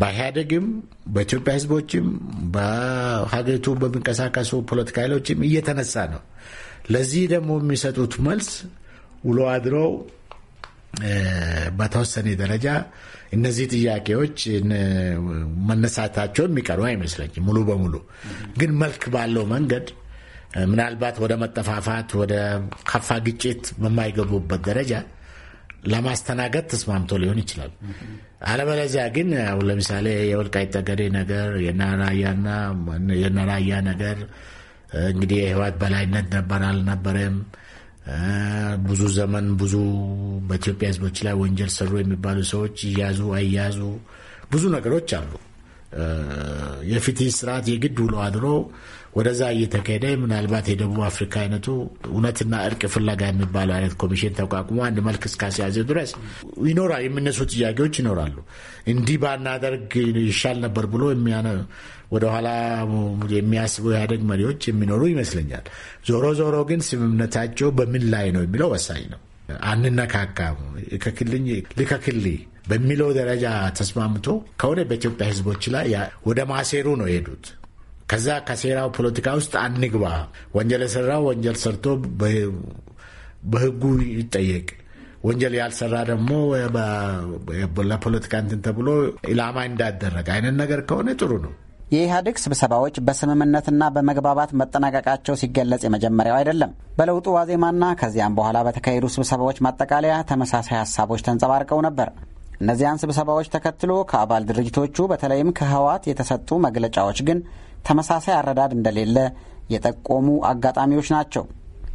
በኢህአዴግም በኢትዮጵያ ህዝቦችም በሀገሪቱ በሚንቀሳቀሱ ፖለቲካ ኃይሎችም እየተነሳ ነው። ለዚህ ደግሞ የሚሰጡት መልስ ውሎ አድሮ በተወሰነ ደረጃ እነዚህ ጥያቄዎች መነሳታቸውን የሚቀሩ አይመስለኝም። ሙሉ በሙሉ ግን መልክ ባለው መንገድ ምናልባት ወደ መጠፋፋት፣ ወደ ከፋ ግጭት በማይገቡበት ደረጃ ለማስተናገድ ተስማምቶ ሊሆን ይችላል። አለበለዚያ ግን አሁን ለምሳሌ የወልቃይት ጠገዴ ነገር የናራያና የናራያ ነገር እንግዲህ የህወሓት በላይነት ነበር አልነበረም። ብዙ ዘመን ብዙ በኢትዮጵያ ህዝቦች ላይ ወንጀል ሰሩ የሚባሉ ሰዎች እያዙ አያዙ ብዙ ነገሮች አሉ። የፍትህ ስርዓት የግድ ውሎ አድሮ ወደዛ እየተካሄደ ምናልባት የደቡብ አፍሪካ አይነቱ እውነትና እርቅ ፍለጋ የሚባለው አይነት ኮሚሽን ተቋቁሞ አንድ መልክ እስካስያዘ ድረስ ይኖራል የሚነሱ ጥያቄዎች ይኖራሉ። እንዲህ ባናደርግ ይሻል ነበር ብሎ ወደኋላ የሚያስቡ ኢህአዴግ መሪዎች የሚኖሩ ይመስለኛል። ዞሮ ዞሮ ግን ስምምነታቸው በምን ላይ ነው የሚለው ወሳኝ ነው። አንነካካም ልከክል በሚለው ደረጃ ተስማምቶ ከሆነ በኢትዮጵያ ሕዝቦች ላይ ወደ ማሴሩ ነው የሄዱት። ከዛ ከሴራው ፖለቲካ ውስጥ አንግባ። ወንጀል የሰራው ወንጀል ሰርቶ በህጉ ይጠየቅ። ወንጀል ያልሰራ ደግሞ ለፖለቲካ እንትን ተብሎ ኢላማ እንዳደረግ አይነት ነገር ከሆነ ጥሩ ነው። የኢህአዴግ ስብሰባዎች በስምምነትና በመግባባት መጠናቀቃቸው ሲገለጽ የመጀመሪያው አይደለም። በለውጡ ዋዜማና ከዚያም በኋላ በተካሄዱ ስብሰባዎች ማጠቃለያ ተመሳሳይ ሀሳቦች ተንጸባርቀው ነበር። እነዚያን ስብሰባዎች ተከትሎ ከአባል ድርጅቶቹ በተለይም ከህወሓት የተሰጡ መግለጫዎች ግን ተመሳሳይ አረዳድ እንደሌለ የጠቆሙ አጋጣሚዎች ናቸው።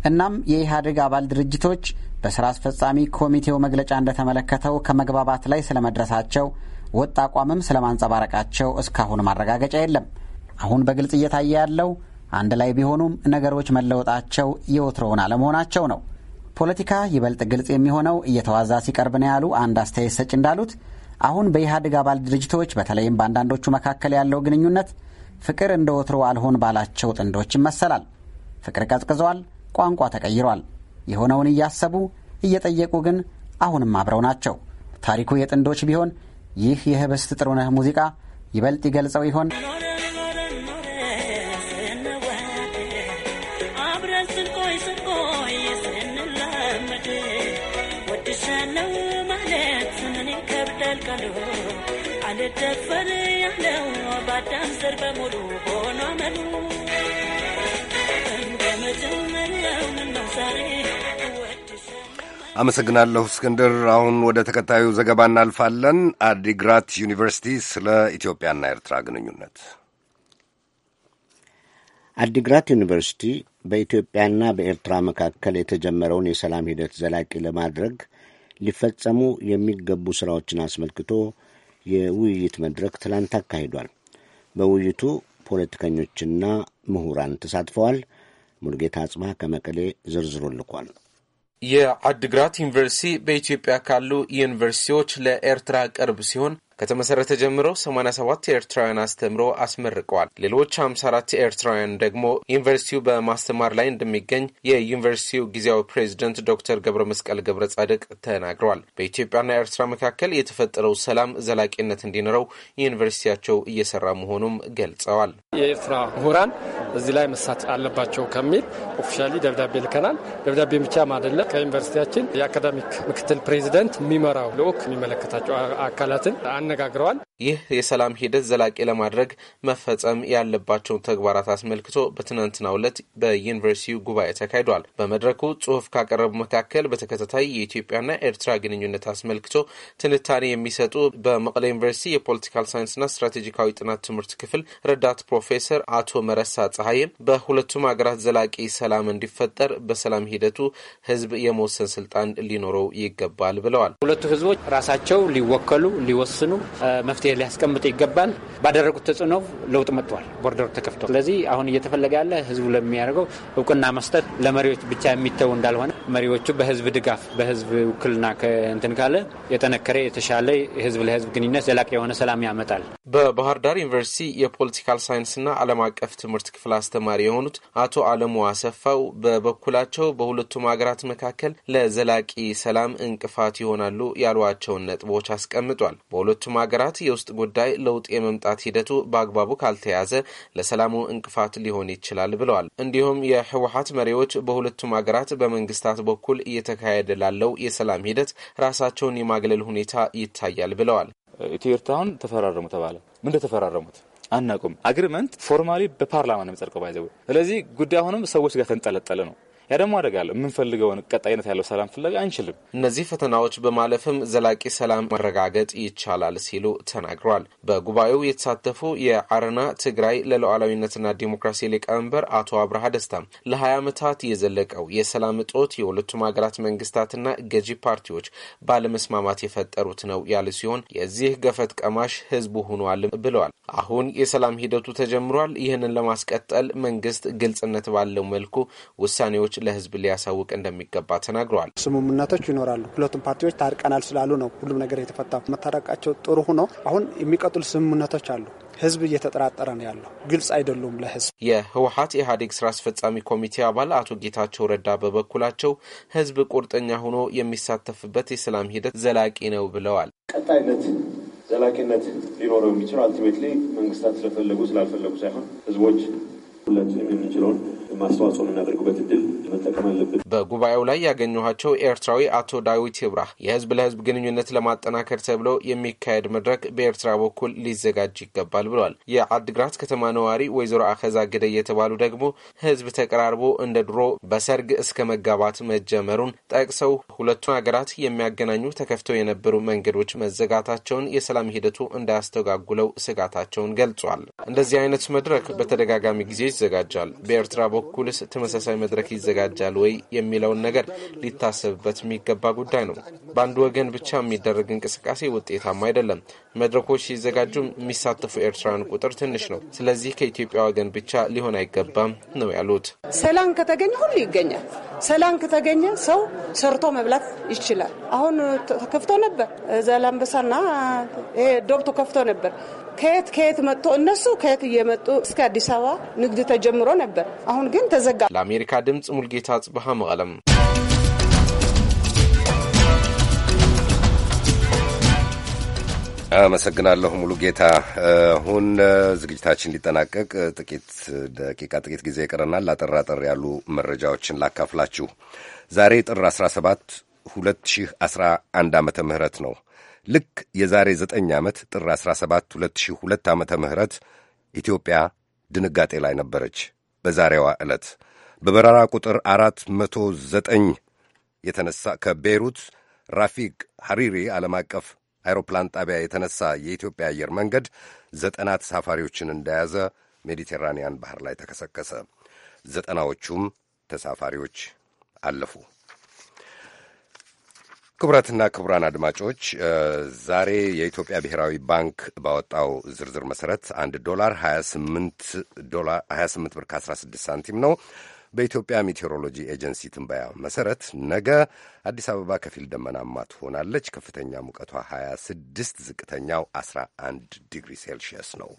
እናም የኢህአዴግ አባል ድርጅቶች በስራ አስፈጻሚ ኮሚቴው መግለጫ እንደተመለከተው ከመግባባት ላይ ስለመድረሳቸው ወጥ አቋምም ስለማንጸባረቃቸው እስካሁን ማረጋገጫ የለም። አሁን በግልጽ እየታየ ያለው አንድ ላይ ቢሆኑም ነገሮች መለወጣቸው የወትሮውን አለመሆናቸው ነው። ፖለቲካ ይበልጥ ግልጽ የሚሆነው እየተዋዛ ሲቀርብ ነው ያሉ አንድ አስተያየት ሰጭ እንዳሉት አሁን በኢህአዴግ አባል ድርጅቶች በተለይም በአንዳንዶቹ መካከል ያለው ግንኙነት ፍቅር እንደ ወትሮ አልሆን ባላቸው ጥንዶች ይመሰላል። ፍቅር ቀዝቅዘዋል፣ ቋንቋ ተቀይሯል። የሆነውን እያሰቡ እየጠየቁ ግን አሁንም አብረው ናቸው። ታሪኩ የጥንዶች ቢሆን ይህ የህብስት ጥሩነህ ሙዚቃ ይበልጥ ይገልጸው ይሆን? i ነው በአዳም ዘር በሙሉ ሆኖ አመሰግናለሁ እስክንድር። አሁን ወደ ተከታዩ ዘገባ እናልፋለን። አዲግራት ዩኒቨርሲቲ ስለ ኢትዮጵያና ኤርትራ ግንኙነት። አዲግራት ዩኒቨርሲቲ በኢትዮጵያና በኤርትራ መካከል የተጀመረውን የሰላም ሂደት ዘላቂ ለማድረግ ሊፈጸሙ የሚገቡ ሥራዎችን አስመልክቶ የውይይት መድረክ ትላንት አካሂዷል። በውይይቱ ፖለቲከኞችና ምሁራን ተሳትፈዋል። ሙልጌታ አጽባ ከመቀሌ ዝርዝሮ ልኳል። የአድግራት ዩኒቨርሲቲ በኢትዮጵያ ካሉ ዩኒቨርሲቲዎች ለኤርትራ ቅርብ ሲሆን ከተመሰረተ ጀምሮ 87 የኤርትራውያን አስተምሮ አስመርቀዋል። ሌሎች 54 ኤርትራውያን ደግሞ ዩኒቨርሲቲው በማስተማር ላይ እንደሚገኝ የዩኒቨርሲቲው ጊዜያዊ ፕሬዚደንት ዶክተር ገብረ መስቀል ገብረ ጻድቅ ተናግረዋል። በኢትዮጵያና ኤርትራ መካከል የተፈጠረው ሰላም ዘላቂነት እንዲኖረው ዩኒቨርሲቲያቸው እየሰራ መሆኑም ገልጸዋል። የኤርትራ ምሁራን እዚህ ላይ መሳት አለባቸው ከሚል ኦፊሻሊ ደብዳቤ ልከናል። ደብዳቤ ብቻም አይደለም ከዩኒቨርሲቲያችን የአካዳሚክ ምክትል ፕሬዚደንት የሚመራው ልዑክ የሚመለከታቸው አካላትን አነጋግረዋል። ይህ የሰላም ሂደት ዘላቂ ለማድረግ መፈጸም ያለባቸውን ተግባራት አስመልክቶ በትናንትናው ዕለት በዩኒቨርሲቲው ጉባኤ ተካሂዷል። በመድረኩ ጽሑፍ ካቀረቡ መካከል በተከታታይ የኢትዮጵያና ኤርትራ ግንኙነት አስመልክቶ ትንታኔ የሚሰጡ በመቀለ ዩኒቨርሲቲ የፖለቲካል ሳይንስና ስትራቴጂካዊ ጥናት ትምህርት ክፍል ረዳት ፕሮፌሰር አቶ መረሳ ፀሐይም በሁለቱም ሀገራት ዘላቂ ሰላም እንዲፈጠር በሰላም ሂደቱ ህዝብ የመወሰን ስልጣን ሊኖረው ይገባል ብለዋል። ሁለቱ ህዝቦች ራሳቸው ሊወከሉ ሊወስኑ መፍትሄ ሊያስቀምጡ ይገባል። ባደረጉት ተጽዕኖ ለውጥ መጥተዋል። ቦርደሩ ተከፍቶ ስለዚህ አሁን እየተፈለገ ያለ ህዝቡ ለሚያደርገው እውቅና መስጠት ለመሪዎች ብቻ የሚተው እንዳልሆነ መሪዎቹ በህዝብ ድጋፍ በህዝብ ውክልና እንትን ካለ የጠነከረ የተሻለ የህዝብ ለህዝብ ግንኙነት ዘላቂ የሆነ ሰላም ያመጣል። በባህር ዳር ዩኒቨርሲቲ የፖለቲካል ሳይንስና ዓለም አቀፍ ትምህርት ክፍል አስተማሪ የሆኑት አቶ አለሙ አሰፋው በበኩላቸው በሁለቱም ሀገራት መካከል ለዘላቂ ሰላም እንቅፋት ይሆናሉ ያሏቸውን ነጥቦች አስቀምጧል። በሁለቱ በሁለቱም ሀገራት የውስጥ ጉዳይ ለውጥ የመምጣት ሂደቱ በአግባቡ ካልተያዘ ለሰላሙ እንቅፋት ሊሆን ይችላል ብለዋል። እንዲሁም የህወሀት መሪዎች በሁለቱም ሀገራት በመንግስታት በኩል እየተካሄደ ላለው የሰላም ሂደት ራሳቸውን የማግለል ሁኔታ ይታያል ብለዋል። ኢትዮ ተፈራረሙ ተባለ። ምን እንደተፈራረሙት አናቁም። አግሪመንት ፎርማሊ በፓርላማ ነው የሚጸድቀው ባይዘ። ስለዚህ ጉዳይ አሁንም ሰዎች ጋር ተንጠለጠለ ነው ያ ደግሞ አደጋለ የምንፈልገውን ቀጣይነት ያለው ሰላም ፍለጋ አንችልም። እነዚህ ፈተናዎች በማለፍም ዘላቂ ሰላም መረጋገጥ ይቻላል ሲሉ ተናግሯል። በጉባኤው የተሳተፉ የአረና ትግራይ ለሉዓላዊነትና ዲሞክራሲ ሊቀመንበር አቶ አብርሃ ደስታ ለ20 ዓመታት የዘለቀው የሰላም እጦት የሁለቱም ሀገራት መንግስታትና ገዢ ፓርቲዎች ባለመስማማት የፈጠሩት ነው ያለ ሲሆን የዚህ ገፈት ቀማሽ ህዝቡ ሆኗል ብለዋል። አሁን የሰላም ሂደቱ ተጀምሯል። ይህንን ለማስቀጠል መንግስት ግልጽነት ባለው መልኩ ውሳኔዎች ለህዝብ ሊያሳውቅ እንደሚገባ ተናግረዋል። ስምምነቶች ይኖራሉ። ሁለቱም ፓርቲዎች ታርቀናል ስላሉ ነው ሁሉም ነገር የተፈታው። መታረቃቸው ጥሩ ሆኖ አሁን የሚቀጥሉ ስምምነቶች አሉ። ህዝብ እየተጠራጠረ ነው ያለው። ግልጽ አይደሉም ለህዝብ። የህወሀት ኢህአዴግ ስራ አስፈጻሚ ኮሚቴ አባል አቶ ጌታቸው ረዳ በበኩላቸው ህዝብ ቁርጠኛ ሆኖ የሚሳተፍበት የሰላም ሂደት ዘላቂ ነው ብለዋል። ቀጣይነት፣ ዘላቂነት ሊኖረው የሚችለው አልቲሜትሊ መንግስታት ስለፈለጉ ስላልፈለጉ ሳይሆን ህዝቦች ሁላችንም የምንችለውን ማስተዋጽኦ የምናደርጉበት እድል መጠቀም አለብን። በጉባኤው ላይ ያገኘኋቸው ኤርትራዊ አቶ ዳዊት ይብራ የህዝብ ለህዝብ ግንኙነት ለማጠናከር ተብሎ የሚካሄድ መድረክ በኤርትራ በኩል ሊዘጋጅ ይገባል ብሏል። የአድግራት ከተማ ነዋሪ ወይዘሮ አከዛ ግደ የተባሉ ደግሞ ህዝብ ተቀራርቦ እንደ ድሮ በሰርግ እስከ መጋባት መጀመሩን ጠቅሰው ሁለቱን ሀገራት የሚያገናኙ ተከፍተው የነበሩ መንገዶች መዘጋታቸውን የሰላም ሂደቱ እንዳያስተጋጉለው ስጋታቸውን ገልጿል። እንደዚህ አይነት መድረክ በተደጋጋሚ ጊዜ ይዘጋጃል። በኤርትራ በ በኩልስ ተመሳሳይ መድረክ ይዘጋጃል ወይ የሚለውን ነገር ሊታሰብበት የሚገባ ጉዳይ ነው። በአንድ ወገን ብቻ የሚደረግ እንቅስቃሴ ውጤታማ አይደለም። መድረኮች ሲዘጋጁ የሚሳተፉ ኤርትራን ቁጥር ትንሽ ነው። ስለዚህ ከኢትዮጵያ ወገን ብቻ ሊሆን አይገባም ነው ያሉት። ሰላም ከተገኘ ሁሉ ይገኛል። ሰላም ከተገኘ ሰው ሰርቶ መብላት ይችላል። አሁን ከፍቶ ነበር ዘላንበሳና ዶብቶ ከፍቶ ነበር ከየት ከየት መጥቶ እነሱ ከየት እየመጡ እስከ አዲስ አበባ ንግድ ተጀምሮ ነበር። አሁን ግን ተዘጋ። ለአሜሪካ ድምፅ ሙልጌታ ጽብሃ መቀለም። አመሰግናለሁ ሙሉ ጌታ። አሁን ዝግጅታችን ሊጠናቀቅ ጥቂት ደቂቃ ጥቂት ጊዜ ይቀረናል። ላጠራጠር ያሉ መረጃዎችን ላካፍላችሁ። ዛሬ ጥር 17 2011 ዓመተ ምህረት ነው። ልክ የዛሬ 9 ዓመት ጥር 17 2002 ዓመተ ምህረት ኢትዮጵያ ድንጋጤ ላይ ነበረች። በዛሬዋ ዕለት በበረራ ቁጥር 409 የተነሳ ከቤይሩት ራፊቅ ሐሪሪ ዓለም አቀፍ አይሮፕላን ጣቢያ የተነሳ የኢትዮጵያ አየር መንገድ ዘጠና ተሳፋሪዎችን እንደያዘ ሜዲቴራንያን ባህር ላይ ተከሰከሰ። ዘጠናዎቹም ተሳፋሪዎች አለፉ። ክቡራትና ክቡራን አድማጮች ዛሬ የኢትዮጵያ ብሔራዊ ባንክ ባወጣው ዝርዝር መሰረት አንድ ዶላር 28 ብር ከ16 ሳንቲም ነው። በኢትዮጵያ ሜቴሮሎጂ ኤጀንሲ ትንበያ መሰረት ነገ አዲስ አበባ ከፊል ደመናማ ትሆናለች። ከፍተኛ ሙቀቷ 26፣ ዝቅተኛው 11 ዲግሪ ሴልሺየስ ነው።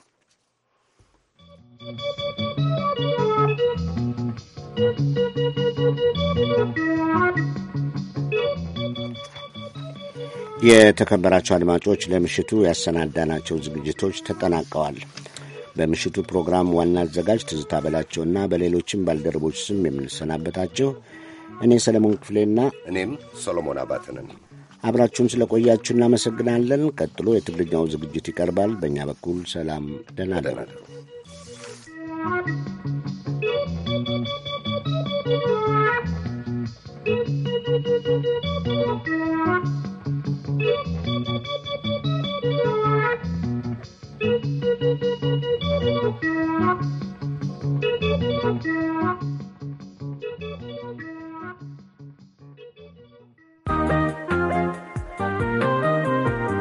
¶¶ የተከበራቸው አድማጮች ለምሽቱ ያሰናዳናቸው ዝግጅቶች ተጠናቀዋል። በምሽቱ ፕሮግራም ዋና አዘጋጅ ትዝታ በላቸውና በሌሎችም ባልደረቦች ስም የምንሰናበታቸው እኔ ሰለሞን ክፍሌና እኔም ሰሎሞን አባተነን አብራችሁን ስለቆያችሁ እናመሰግናለን። ቀጥሎ የትግርኛው ዝግጅት ይቀርባል። በእኛ በኩል ሰላም፣ ደህና ደሩ።